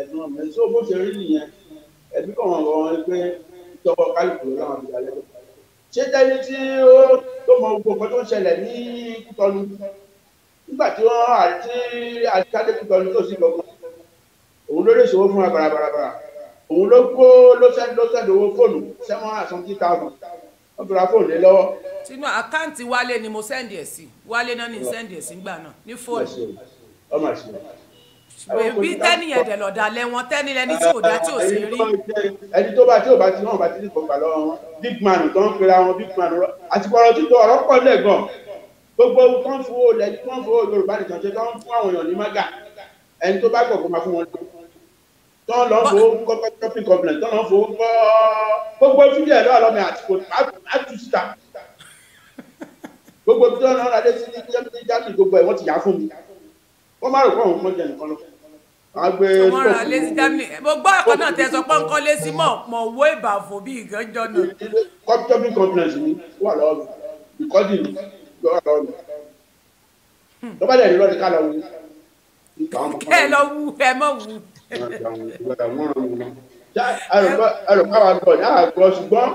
ẹ̀gbọ́n mi so bó ṣe rí nìyẹn ẹbí kan wọn wọn pé tọwọ́ kálukú láwọn ìgbà lẹ́yìn ṣé tẹ́lẹ̀ tí ó tó mọ gbogbo nǹkan tó ń ṣẹlẹ̀ ní Kútọ́nù nígbà tí wọ́n àti àtàdé Kútọ́nù tó sì gbọ́gbọ́n òun ló lè ṣòwò fún wa bàràbàràbàrà òun ló kó ló sẹ́ni owó fóònù sẹ́wọ̀n àsanti táwọn wọ́n fi ra fóònù lé lọ́wọ́. sínú àkáǹtì Wálé ni mo sẹ́ndì ẹ̀ sí Wálé náà ni sẹ́ndì ẹ̀ sí gbà náà ní fóònù. ọmọ àṣìwọ̀n bí tẹ́ni yẹn dẹ̀ lọ̀dà lẹ́wọ̀n tẹ́ni lẹni tí ò dá tí ò sí rí. ẹni tó bá tí ò bá ti náà bá ti ní ìfọ̀gbà lọ́wọ́ wọn big man tó ń pera wọn big man rọ àti ọ̀rọ̀ tí tó ọ̀rọ̀ pọ̀ lẹ́gàn gbogbo kan fún o lẹ́ni kan fún o yorùbá nìkan ṣe kan fún àwọn èèyàn ní mága ẹni tó bá gbọ̀ kó máa fún wọn tán lọ fún o kọ́ copy complaint tán lọ fún o kọ́ gbogbo fídíò ẹ̀ lọ́wọ́ lọ́mọ àtìkò àtúntà gbogbo tí wọn náà rà sí ní jáde gbogbo ẹ̀ wọ́n ti yà fún mi wọ́n má rò pé òun mọ̀ jẹ́ nìkan lọ́kọ̀ agbe wọn ra lé sí germany mo gbọ́ ẹ̀kọ́ náà tẹ̀sán pọ́n kọ́ lé sí mọ̀ mọ̀ owó ìbàfọ̀ bíi ìgànjọ́ náà. company conference ni wà lọ́wọ́ mi mi lọ́wọ́ lọ́wọ́ mi lọ́ba dẹ̀ lọ́ọ̀dì ká lọ wú. kẹ́ ẹ lọ wú ẹ mọ̀ wú. ẹ̀rọ káwa lọ ní àgọ́ ṣùgbọ́n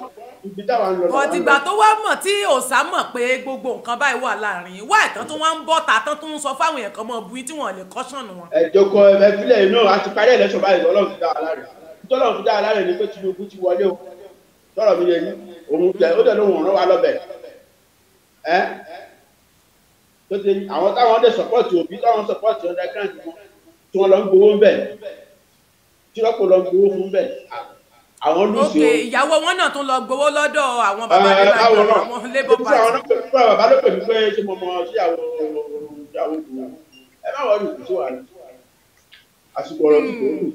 ibi táwa ń lọ. bọ̀dìgbà tó wá mọ̀ tí òòsà mọ̀ pé gbogbo nǹkan báyìí wà láàrin wá ìtàn tó wá ń bọ̀ tàtàn tó ń sọ fáwọn èèyàn kan mọ̀ bu tí wọ́n lè kọ́ṣọ̀nù wọn. ẹ jókòó ẹ fílẹ̀ inú àti parí ẹ̀lẹ́sọ̀ báyìí ọlọ́run ti dá wa láre tọ́lọ́run ti dá wa láre ni pé Tinubu ti wọlé o tọ́lọ̀ mi yẹn òun tẹ ó tẹ̀lé òun rán wa lọ́bẹ̀ ẹ tó ti àwọn táwọn dẹ̀ sọ́pọ̀tì òbí táwọn sọ́pọ̀tì ọ̀dà kan tí wọ́n lọ ń gbowó ń bẹ̀ tí lọ́pọ̀ lọ ń gbowó fún bẹ̀ àwọn lùsì o. ok ìyàwó wọn náà tún lọ gbowó lọ́dọ̀ àwọn bàbá nígbà tó àwọn labour party. àwọn náà bàbá ló pè mí pé ṣé mo mọ síyàwó ìyàwó ìgbòho ẹ má wọlé ìgbòho wà ní àsìkò ọ̀rọ̀ ìgbòho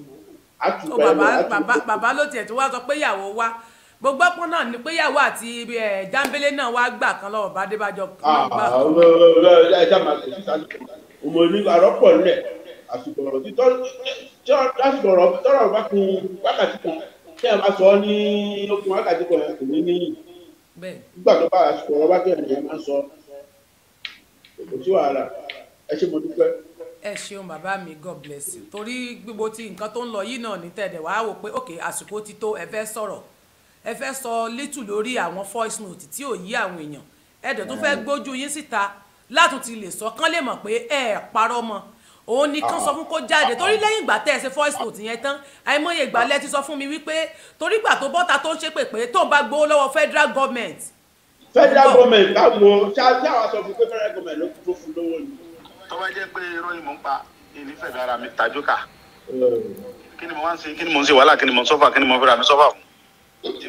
àtúgbà ẹ̀ lọ àtúgbà. bàbá ló tiẹ̀ tó wá sọ pé ìyàwó wa gbogbo ọpọ náà ni pé ìyàwó àti jambele náà wá gbà kan lọ́wọ́ bá débàjọ kan gbà kan. ọmọ ní àrọ́pọ̀ nílẹ̀ àsìkò ọ̀rọ̀ títọ́ tọ́rọ̀ bá kun wákàtí kan tí a bá sọ ní lókun wákàtí kan kò ní níyì nígbà tó bá àsìkò ọ̀rọ̀ bá kẹrin yẹn máa ń sọ kò sí wàhálà ẹ ṣé mo dúpẹ́. ẹ ṣeun bàbá mi god bless you torí gbogbo tí nǹkan tó ń lọ yìí náà ní tẹ̀dẹ̀ wàá wò pé òkè àsìkò ti tó ẹ fẹ́ sọ̀rọ̀ ẹ fẹ́ sọ létù lórí àwọn voice note tí ò yí àwọn èèyàn ẹ̀dẹ̀ tó fẹ́ gbójú yín síta látùntì lè sọ kán lè mọ̀ pé ẹ parọ́ òun nìkan sọ ah, fún kó jáde ah, torí ah. lẹ́yìn ìgbà tẹ́ ẹ ṣe voice note yẹn tán àìmọye ìgbà lẹ ti sọ fún mi wípé torí ìgbà tó bọ́ta tó ń ṣe pèpè tó ń bá gbowó lọ́wọ́ federal government. federal government báwo ṣáájú àwọn sọ fún pé federal government ló tó fún lówó ni. tó bá jẹ́ pé irọ́ ni mò ń pa ìnífẹ̀ẹ́ bí ara mi tajú kà kí ni mo wá ń ṣe kí ni mo ń ṣe wàhálà kí ni mo ń sọ́fà kí ni mo ń fẹ́ra mi sọ́fà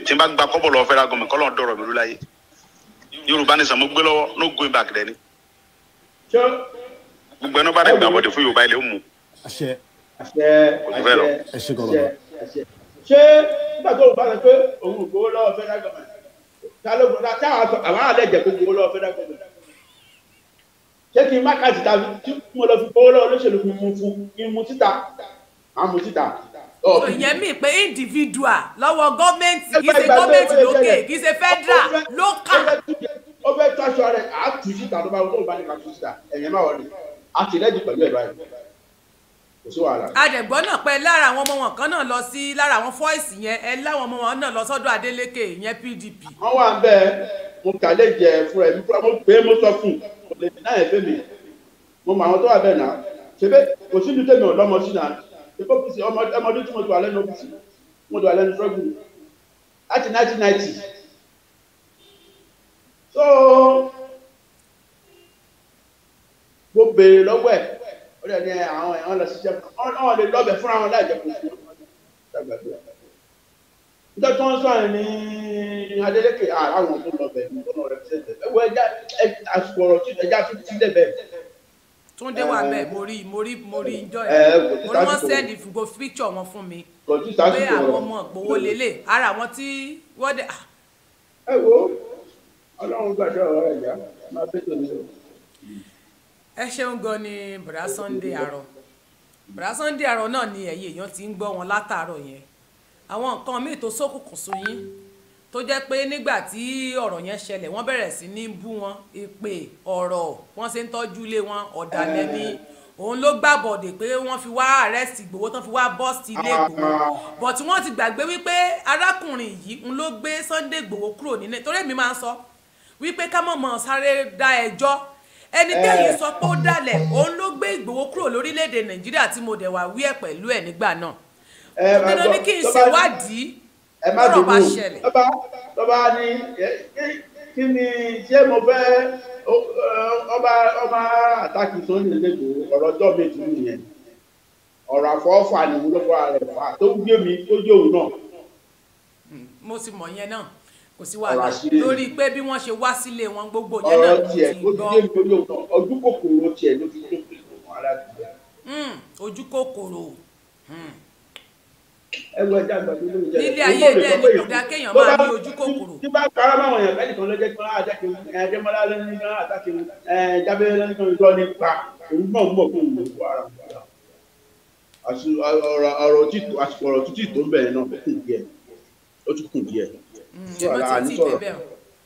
tí n bá gba kọ́bọ̀ lọ fẹ́ra gọ̀mẹ̀ kọ́lọ́ dọ̀rọ̀ mi ló láyé yorùbá ní sàn gbogbo ẹni ó bá dẹ̀ gbà fún yorùbá ilẹ̀ ó mú. àṣẹ àṣẹ ṣé nígbà bá rẹ pé òun ò gbowó lọ́wọ́ federal government ta ló gbọ́dọ̀ táwọn àwọn àlẹ́jẹ̀ kó gbowó lọ́wọ́ federal government ṣé kí n ta tí mo lọ fi gbowó lọ́wọ́ lóṣèlú kí n fún kí n mú títà á mú títà. ìyẹn mi pé individual lọ́wọ́ gọ́ọ̀mẹ̀ntì kì í ṣe gọ́ọ̀mẹ̀ntì lókè kì í ṣe federal lókà. ó fẹ́ tó aṣọ rẹ̀ àá tù síta ló bá wọ́n bá ní tù síta ẹ̀yẹ́ má wọlé a ti rẹ́jì pẹ̀lú ẹ̀ báyìí kò sí wàhálà. àdẹ̀gbọ́n náà pẹ́ lára àwọn ọmọ wọn kan náà lọ sí lára àwọn fọ́ìsì yẹn ẹ láwọn ọmọ wọn náà lọ sọ́dọ̀ Adeleke yẹn PDP. wọ́n wà ń bẹ́ẹ̀ mo kà lè jẹ fúnra mi mo pè mo sọ fún mo lè náà ẹ̀fẹ́ mi mo mọ àwọn tó wà bẹ́ẹ̀ náà ṣebí kò sí dúdé mi ò lọ́mọ sí náà ṣebí kò sí ọmọdé tí mo tó alẹ́ náà kùsì mo tó alẹ́ náà fẹ́ láti 1990 so béèrè lọ́wọ́ ẹ̀ ó dẹ̀ ní àwọn ẹ̀hán lọ sí jẹ́ ọ̀n lè lọ́bẹ̀ fúnra wọn láì jẹ́ kó kú nígbà tí wọ́n sọ̀rọ̀ ní Adeleke àwọn ọmọ lọ́bẹ̀ ọmọ ẹ̀wọ̀ ẹja àsùkò ọ̀rọ̀ tí ẹja tún ti dẹ̀ bẹ́ẹ̀. Túndé wà bẹ́ẹ̀ mo rí mo rí mo mo ní wọ́n sẹ́ẹ̀dì gbogbo píkṣọ̀ wọn fún mi pé àwọn ọmọ gbowó lélẹ̀ ara wọn tí wọ́n dẹ̀. ẹ wo Ọlọ́run gbàdúrà ọ̀rọ̀ ẹ̀yà máa bẹ́ẹ̀ tó ní o ẹ ṣeun gan ni bùrá Sunday àrọ bùrá Sunday àrọ náà ni ẹ̀yin èèyàn ti ń gbọ́ wọn látàárọ̀ yẹn àwọn nǹkan míì tó ṣókùnkùn sún yín tó jẹ́ pé nígbà tí ọ̀rọ̀ yẹn ṣẹlẹ̀ wọ́n bẹ̀rẹ̀ sí ní bú wọn èpè ọ̀rọ̀ wọ́n ṣe ń tọ́jú ilé wọn ọ̀dàlẹ̀ ni òun ló gbàbọ̀dè pé wọ́n fi wá àrẹ́sì Ìgbòho tán fi wá bọ́ọ̀sì ilé Ìgbòho bọ̀tí wọ́n ti gbàgbé wípé arákùnrin yìí ń ló gbé Sunday Ìgbòho kúrò nílé torí èmi máa ń sọ wípé ká mọ̀ mọ̀ sáré dá ẹjọ́ e ẹni tẹ́yìn eh. sọ pé ó dalẹ̀ òun ló gbé Ìgbòho kúrò lórílẹ̀‐èdè Nàìjíríà tí mo dẹ̀ wá wí ẹ̀ pẹ̀lú ẹ̀ nígbà náà gómìnà eh, ní kí n ṣèwádìí eh, ọ̀rọ̀ bá ṣẹlẹ̀. lọ́ba ni kí ni ṣé mo fẹ́ ọba ọba àtàkì tó ní lẹ́gbẹ̀ẹ́ ọ̀rọ̀ ọjọ́ méjì nìyẹn ọ̀rọ̀ àfọwọ́fà nìyẹn lọ́kọ̀ rẹ̀ fà tó gbé mi tó jẹ́ òun náà. Hmm, mo ti mọ̀ yẹn náà kò sí wàhálà lórí pé bí wọ́n ṣe wá sílé wọn gbogbo yẹn náà ló ti gbọ́ ojú kòkòrò nílé ayé ilé ẹni kò dá kéèyàn máa ní ojú kòkòrò. tí bá kára báwọn èèyàn bẹ́ẹ̀ nìkan ló jẹ́ kí ẹ̀ jẹ́mọ́lá lẹ́nu ní wọ́n ẹ̀ jábẹ́ lẹ́nu kan ìjọ nípa òun náà mọ̀ fún òun ọ̀rọ̀ ọ̀rọ̀ títí tó ń bẹ̀rẹ̀ náà ó tún díẹ̀. Mm. ẹ mọ tí ì bẹ́ẹ̀ o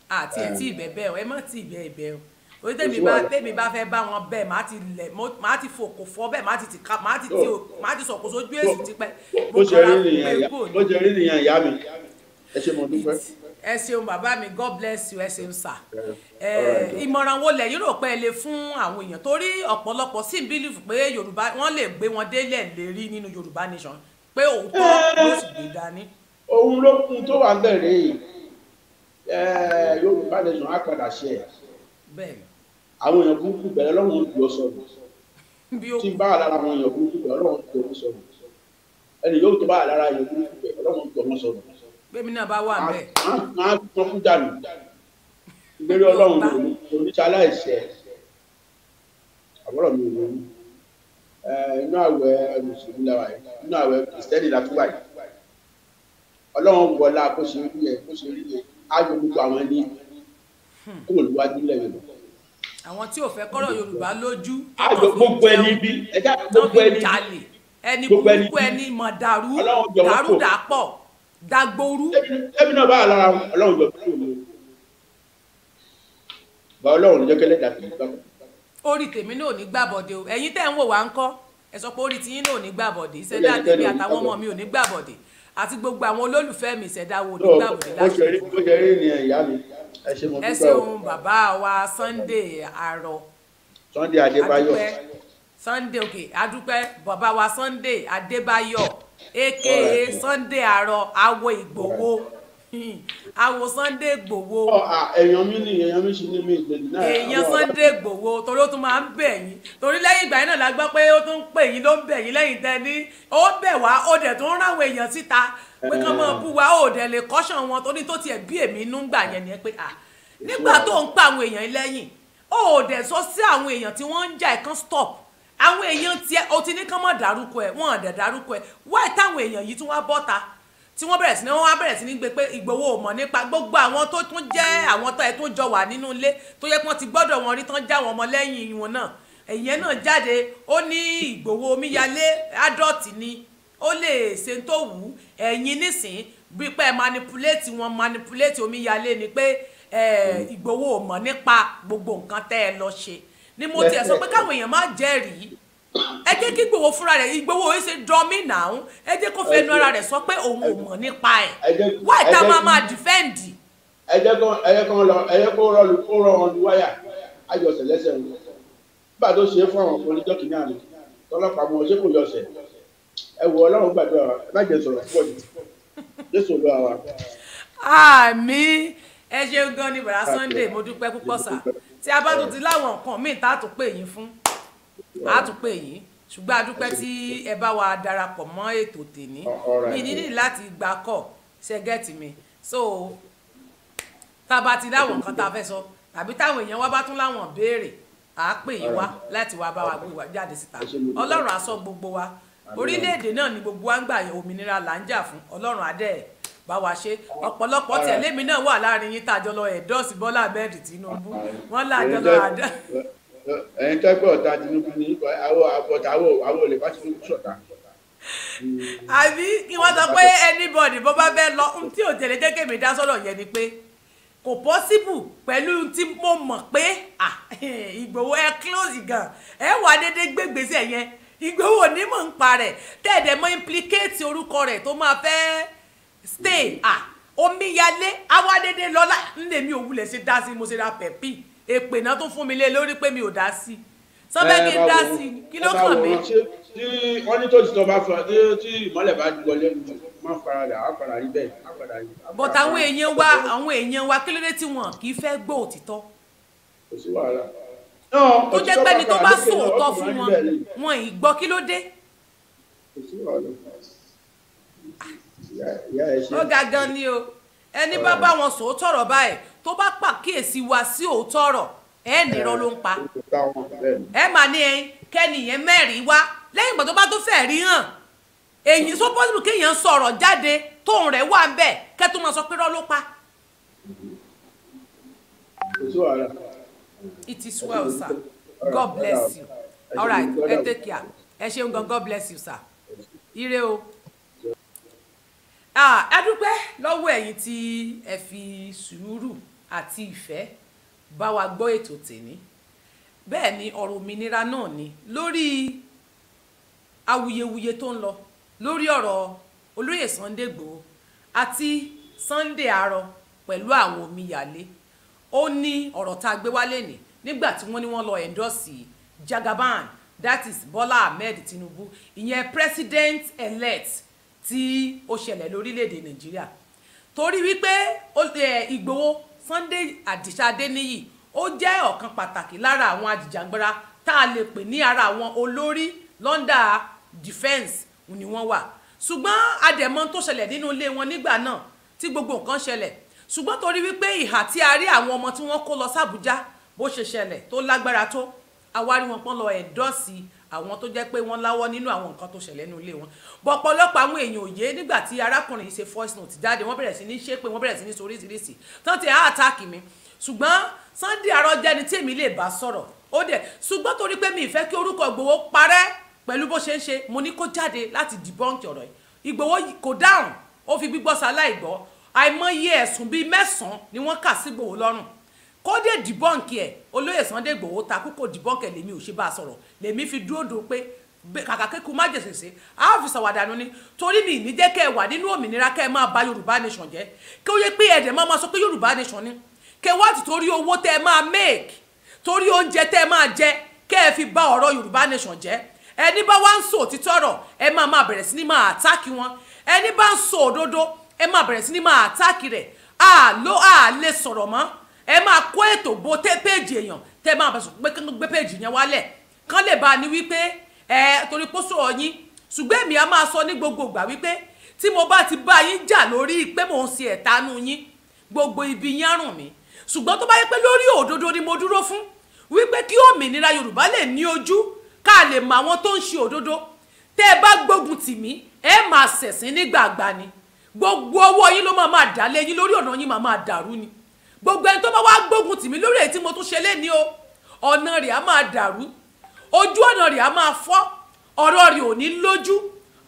àti ẹ̀ tí ì o ẹ mọ tí ì bẹ́ẹ̀ bẹ́ẹ̀ o orí tèmi bá tèmi bá fẹ́ bá wọn bẹ́ẹ̀ máa ti lẹ̀ máa ti fòkò fọ́ bẹ́ẹ̀ máa ti ti ka máa ti ti máa ti sọ̀kò sójú èsì tipẹ́ mo kọ́ra pé bó ṣe rí nìyẹn ìyá mi ẹ ṣe mo dúpẹ́. ẹ ṣeun bàbá mi god bless you ẹ ṣeun sà ìmọ̀ràn wo lẹ̀ yìí rò pé ẹ lè fún àwọn èèyàn torí ọ̀pọ̀lọpọ̀ sì ń pé yorùbá wọ́n lè gbé wọn délẹ̀ lérí nínú yorùbá nation pé òótọ́ ló sì gbé dání ohun ló kún tó wà bẹ̀rẹ̀ Yorùbá nation á padà ṣe ẹ̀ àwọn èèyàn burúkú bẹ̀rẹ̀ lọ́wọ́n ju ọ sọ̀rọ̀ tí n bá wà lára àwọn èèyàn burúkú bẹ̀rẹ̀ lọ́wọ́n ju ọ sọ̀rọ̀ ẹni yóò tó bá wà lára èèyàn burúkú bẹ̀rẹ̀ lọ́wọ́n ju ọ sọ̀rọ̀. bẹ́ẹ̀ni náà bá wà bẹ́ẹ̀. máa tán fún dànù ìgbérí ọlọ́run oníṣẹ́ aláìṣẹ̀ àbọ̀rọ̀ mi ò lóyún inú àwẹ̀ mùsùlùmí ọlọ́run wọlá kó ṣe rí yẹn kó ṣe rí yẹn ayọ̀ gbogbo àwọn ẹni kó o lùwájú lẹ́yìn lọ. àwọn tí ò fẹ́ kọ́rọ̀ yorùbá lójú. ayọ̀ gbogbo ẹni bí ẹ̀dá gbogbo ẹni bí ẹni burúkú ẹni mọ̀ dàrú dàrú dàpọ̀ dàgbòrú. ẹbí náà bá a lára ọlọ́run jọ bí òun bá ọlọ́run jẹ́ kẹ́lẹ́ dàbí ìgbà. orí tèmi náà ò ní gbàbọ̀dé o ẹ̀yin tẹ́ ń wò wá ń kọ́ ẹ sọ pé orí tiyín náà ò ní gbàbọ̀dé ìṣẹ̀dá àtẹ̀mí àtàwọn ọmọ mi ò ní gbàbọ̀dé àti gbogbo àwọn olólùfẹ́ mi ìṣẹ̀dáwò onígbàwòdì láti. ẹ ṣeun bàbá wa Sunday Arọ. Sunday Adébáyọ̀. Sunday òkè adúpẹ́ bàbá wa Sunday Adébáyọ̀ aka Sunday Arọ awo Ìgbòho. Okay. *laughs* àwò Sunday Igboho. èèyàn mi ni èèyàn mi ṣe ní mi ìgbèlè náà. èèyàn Sunday Igboho torí ó tún máa ń bẹ̀ yín torí lẹ́yìn ìgbà yín náà la gbọ́ pé ó tún ń pè yín ló ń bẹ̀ yín lẹ́yìn tẹ́ni ó bẹ̀ wá ó dẹ̀ tó ń ráwọn èèyàn síta pé kán máa bú wa ó dẹ̀ lè kọ́ṣàn wọn torí tó tiẹ̀ bí èmi inú gbà yẹn ni pé nígbà tó ń pa àwọn èèyàn lẹ́yìn ó dẹ̀ sọ sí àwọn èèyàn tí wọ́n ń jà ẹ̀kan stop àwọn èèyàn tiẹ̀ ó ti ní kán má dárúkọ ẹ̀ wọ́n á dẹ̀ dárúkọ ẹ̀ wáyé táwọn èèyàn yìí tún wá bọ́ta tí wọ́n bẹ̀rẹ̀ sí ni wọ́n á bẹ̀rẹ̀ sí ní gbé pé Ìgbòho ò mọ̀ nípa gbogbo àwọn tó tún jẹ́ àwọn tó ẹ tó jọ wà nínú ilé tó yẹ kí wọ́n ti gbọ́dọ̀ wọn rí tán já wọn ọmọ lẹ́yìn wọn náà ẹ̀yẹn náà jáde ó ní Ìgbòho omíyalé adult ni ó lè ṣe tó wù ú ẹ̀yin nísìn bí pé manipulate wọn manipulate omíyalé ni pé Ìgbòho ò mọ̀ nípa gbogbo nǹkan tẹ́ ẹ lọ ṣe ni mo tiẹ̀ sọ pé káwọn èèyàn má jẹ́rìí ẹ jẹ́ kí Ìgbòho fúnra rẹ̀ Ìgbòho ẹ ṣe dọ́mí náà ẹ jẹ́ kó fẹnu ara rẹ̀ sọ pé òun ò mọ̀ nípa ẹ̀ wá ìta máa máa dìfẹ́ǹdì. ẹ jẹ́ kó ẹ jẹ́ kó lọ ẹ jẹ́ kó rọ kó rọ ọ̀n lu wáyà ayọ̀sẹ̀ lẹ́sẹ̀ wọn nígbà tó ṣe fún àwọn oníjọ́ kìíní àná tọ́lọ́pàá mọ̀ ṣé kò yọ̀sẹ̀ ẹ wọ ọlọ́run gbàdúrà má jẹ sọ̀rọ̀ púpọ̀ jù jésù ló wa. àmì ẹ ṣeun gan ni bàrà Sunday mo dúpẹ́ púpọ̀ sà tí a bá tún ti láwọn nǹkan míì tá a tún pè yín fún a tún pè yín ṣùgbọ́n a dúpẹ́ tí ẹ bá wa darapọ̀ mọ́ ètò tèmi mi nílì láti gba kọ̀ ṣe gẹ́ẹ̀tì mi so tá a bá ti láwọn nǹkan tá a fẹ́ sọ tàbí táwọn èèyàn wa bá tún láwọn béèrè à á pè yín wá láti wá bá wa gbé wa jáde síta ọlọ́run á ṣọ́ gbogbo wa orílẹ̀-èdè náà ni gbogbo wa ń gbà òmìnira là ń jà fún ọlọ́run adẹ́ ẹ̀ bá wa ṣe ọ̀pọ̀lọpọ̀ tẹ̀lé mi náà wà láàrin yín tàjọlọ ẹ̀dọ́sì Bọ́lá Ahmed Tinubu wọ́n láàjọlọ àdá ẹ̀yin tẹ́gbẹ́ ọ̀tá Tinubu ní àwọn àbọ̀tá àwọn olè bá Tinubu ṣọ̀tá. àbí kí wọ́n sọ pé anybody bó bá fẹ́ lọ ohun tí ò tẹ̀lé jẹ́ kémi dá sọ́dọ̀ yẹn ni pé kò pọ́síbù pẹ̀lú tí mo mọ̀ pé Ìgbòho ẹ close gan ẹ wà dédé gbégbèsè yẹn Ìgbòho onímọ̀ ń pa rẹ̀ tẹ̀dẹ̀ mọ́ implicate orúkọ rẹ̀ tó máa fẹ́ stay omíyalé awádédé lọ́la ńlẹ̀mí òwúlẹ̀ ṣe dá sí mo ṣe ra pẹ̀pì èpè náà tún fún mi lé lórí pé mi ò dá sí sọ́bẹ́ kí n dá sí kí ló kàn mí. tí wọ́n ní tó ti tọ́ bá fọ tí ìmọ̀lẹ̀ bá ju wọlé nù má faradà á padà rí bẹ́ẹ̀ á padà rí. but àwọn èèyàn wa àwọn èèyàn wa kí ló dé tí wọn kì í fẹ́ gbọ́ òtítọ́. kò sí wàhálà. tó jẹ́ pẹ́ni tó bá sòótọ́ fún wọn wọn ì gbọ́ kí ló dé. kò sí wàhálà ah. ó ga gan ni o ẹni bá bá wọn sòótọ́ ọ̀rọ̀ báyìí tó bá pàkíyèsí wa sí òótọ́ ọ̀rọ̀ ẹ nírọ́ ló ń pa ẹ mà ní kẹ́nìyẹn mẹ́rin wá lẹ́yìn ìgbà tó bá tó fẹ́ rí hàn èyí sọ pọ́sibú kéèyàn sọ̀rọ̀ jáde tóun rẹ̀ wà ń bẹ̀ kẹ́tù máa sọ pé rọ́ ló pa. it is well sir god bless you all right ẹ take care ẹ ṣeun gan god bless you sir ire o ẹ ah, dúpẹ́ lọ́wọ́ ẹ̀yin tí ẹ fi sùúrù àti ìfẹ́ bá wa gbọ́ ètò tèmi bẹ́ẹ̀ ni ọ̀rọ̀ òmìnira náà ni lórí awuyewuye tó ń lọ lórí ọ̀rọ̀ olóyè Sunday Igboho àti Sunday Arọ pẹ̀lú àwọn omíyalé ó ní ọ̀rọ̀ tá a gbé wálé ní nígbà tí wọ́n ní wọ́n lọ endorse Jagaban that is bola Ahmed Tinubu ìyẹn president elect tí ó ṣẹlẹ̀ lórílẹ̀‐èdè Nàìjíríà torí wípé Ìgbòho Sunday Adisa Adeniyi ó jẹ́ ọ̀kan pàtàkì lára àwọn ajìjàgbara tá a lè pè ní ara àwọn olórí London defence ni wọ́n wà ṣùgbọ́n adẹ̀mọ́ tó ṣẹlẹ̀ nínú ilé wọn nígbà náà tí gbogbo nǹkan ṣẹlẹ̀ ṣùgbọ́n torí wípé ìhà tí a rí àwọn ọmọ tí wọ́n kó lọ sí Àbújá bó ṣe ṣẹlẹ̀ tó lágbára tó àwárí wọn pọ́n lọ ẹ̀dọ́sí àwọn tó jẹ́ pé wọ́n láwọ́ nínú àwọn nǹkan tó ṣẹlẹ̀ nínú ilé wọn bọ́ ọ̀pọ̀lọpọ̀ àwọn èèyàn òye nígbà tí arákùnrin yìí ṣe voice note jáde wọ́n bẹ̀rẹ̀ sí ní ṣépè wọ́n bẹ̀rẹ̀ sí ní soríṣiríṣi tán ti á àtàkì mi ṣùgbọ́n Sunday Arọ́jẹ́ ni tèmi lè bá sọ̀rọ̀ ó dẹ̀ ṣùgbọ́n torí pé mi ìfẹ́ kí orúkọ Ìgbòho parẹ́ pẹ̀lú bó ṣe ń ṣe mo ní kó jáde láti debunk ọ̀rọ̀ yìí Ìgbòho kò dáhùn ó fi gbígbọ́ sáláì gbọ́ àìmọye ẹ̀sùn bíi mẹ́sàn-án ni wọ́n kà sí Ìgbòho lọ́rùn kódé dìbọ́ǹkì ẹ̀ olóyè Sunday Igboho takú kò dìbọ́ǹkì ẹ̀ lèmi ò ṣe bá a sọ̀rọ̀ lèmi fi dúró dùn pé kàkà kéku má jèsè sí a ni torí mi ní jẹ́ kẹ́ ẹ wà nínú òmìnira kẹ́ ẹ máa ba Yorùbá nation jẹ́ kí ó yẹ pé ẹ̀dẹ̀ máa sọ pé Yorùbá nation ni kẹ́ wá ti torí owó tẹ́ ẹ máa make torí oúnjẹ tẹ́ ẹ máa jẹ kẹ́ ẹ fi ba ọ̀rọ̀ Yorùbá nation jẹ́ ẹni bá wá ń sọ òtítọ́ ọ̀rọ̀ ẹ máa máa bẹ̀rẹ̀ sí ni máa àtáàkì wọn ẹni bá ń sọ òdodo ẹ máa bẹ̀rẹ̀ sí ni máa àtáàkì rẹ̀ àló àlè sọ̀rọ̀ mọ́ ẹ máa kó ètò bo tẹ péèjì èèyàn tẹ máa bẹ̀sùn pé kí n gbé péèjì yẹn wálẹ̀ kán lè bá a ní wípé ẹ torí pé sọ̀rọ̀ yín ṣùgbọ́n èmi á máa sọ ní gbogbo wípé tí mo bá ti bá yín jà lórí pé mò ń ṣe ẹ̀tanú yín gbogbo ibi yín á rùn mí ṣùgbọ́n tó bá yẹ pé lórí òdodo ni mo dúró fún wípé kí òmìnira Yorùbá lè ní ojú ká lè mọ àwọn tó ń ṣe òdodo tẹ́ ẹ bá gbógun tì mí ẹ máa ṣẹ̀sín nígbàgbà ni gbogbo ọwọ́ yín ló máa máa dá lé yín lórí ọ̀nà yín máa máa dàrú ni gbogbo ẹni tó bá wá gbógun tì lórí èyí tí mo tún ṣe léni o ọ̀nà rẹ̀ á máa dàrú ojú ọ̀nà rẹ̀ á máa fọ́ ọ̀rọ̀ rẹ̀ ò ní lójú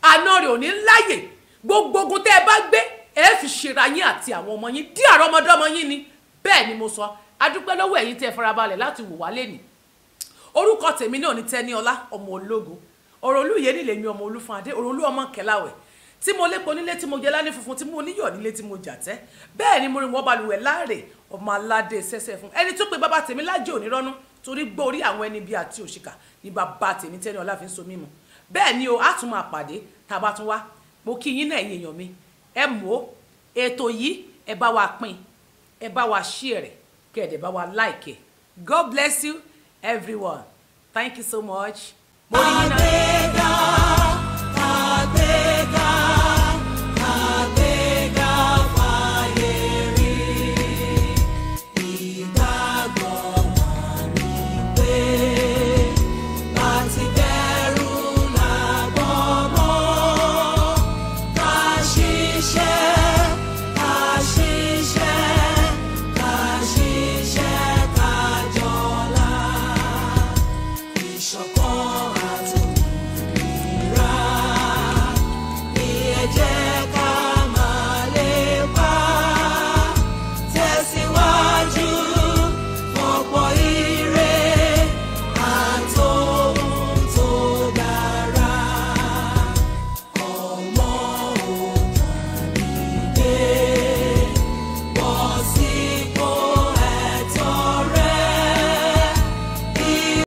àna rẹ̀ ò ní láyè gbogbo ogun tẹ́ ẹ bá gbé ẹ fi ṣera yín àti àwọn ọmọ yín dí àrọ́ ọmọdọ́mọ yín ni bẹ́ẹ̀ ni mo sọ adúpẹ́ lọ́wọ́ ẹ̀yin tẹ́ ẹ farabalẹ̀ láti wò wá léni orúkọ tèmi náà ni Tẹ́níọlá ọmọ ológo òròlú yẹnì lèmi ọmọ olúfúnadé òròlú ọmọ kẹláwẹ̀ tí mo lépo nílé tí mo jẹ lánìí funfun tí mo níyọ̀ nílé tí mo jà tẹ́ bẹ́ẹ̀ ni mo rìn wọ́n balùwẹ̀ láàrè ọmọ aládé sẹ́sẹ́ fún ẹni tó pe bàbá tèmi lájẹ́ òní rọ́nú torí gbọ́ àwọn ẹni bíi àti òṣìkà ní bàbá tèmi tẹ́ni ọlá fi ń so mímu bẹ́ẹ̀ ni o á tún máa tá a bá tún wá mo kí yín náà èèyàn mi ẹ mọ̀ ètò yìí ẹ bá wa pín ẹ bá wa share rẹ̀ kẹ́ ẹ̀ dẹ̀ bá wa like God bless you everyone thank you so much. mo rí yín náà.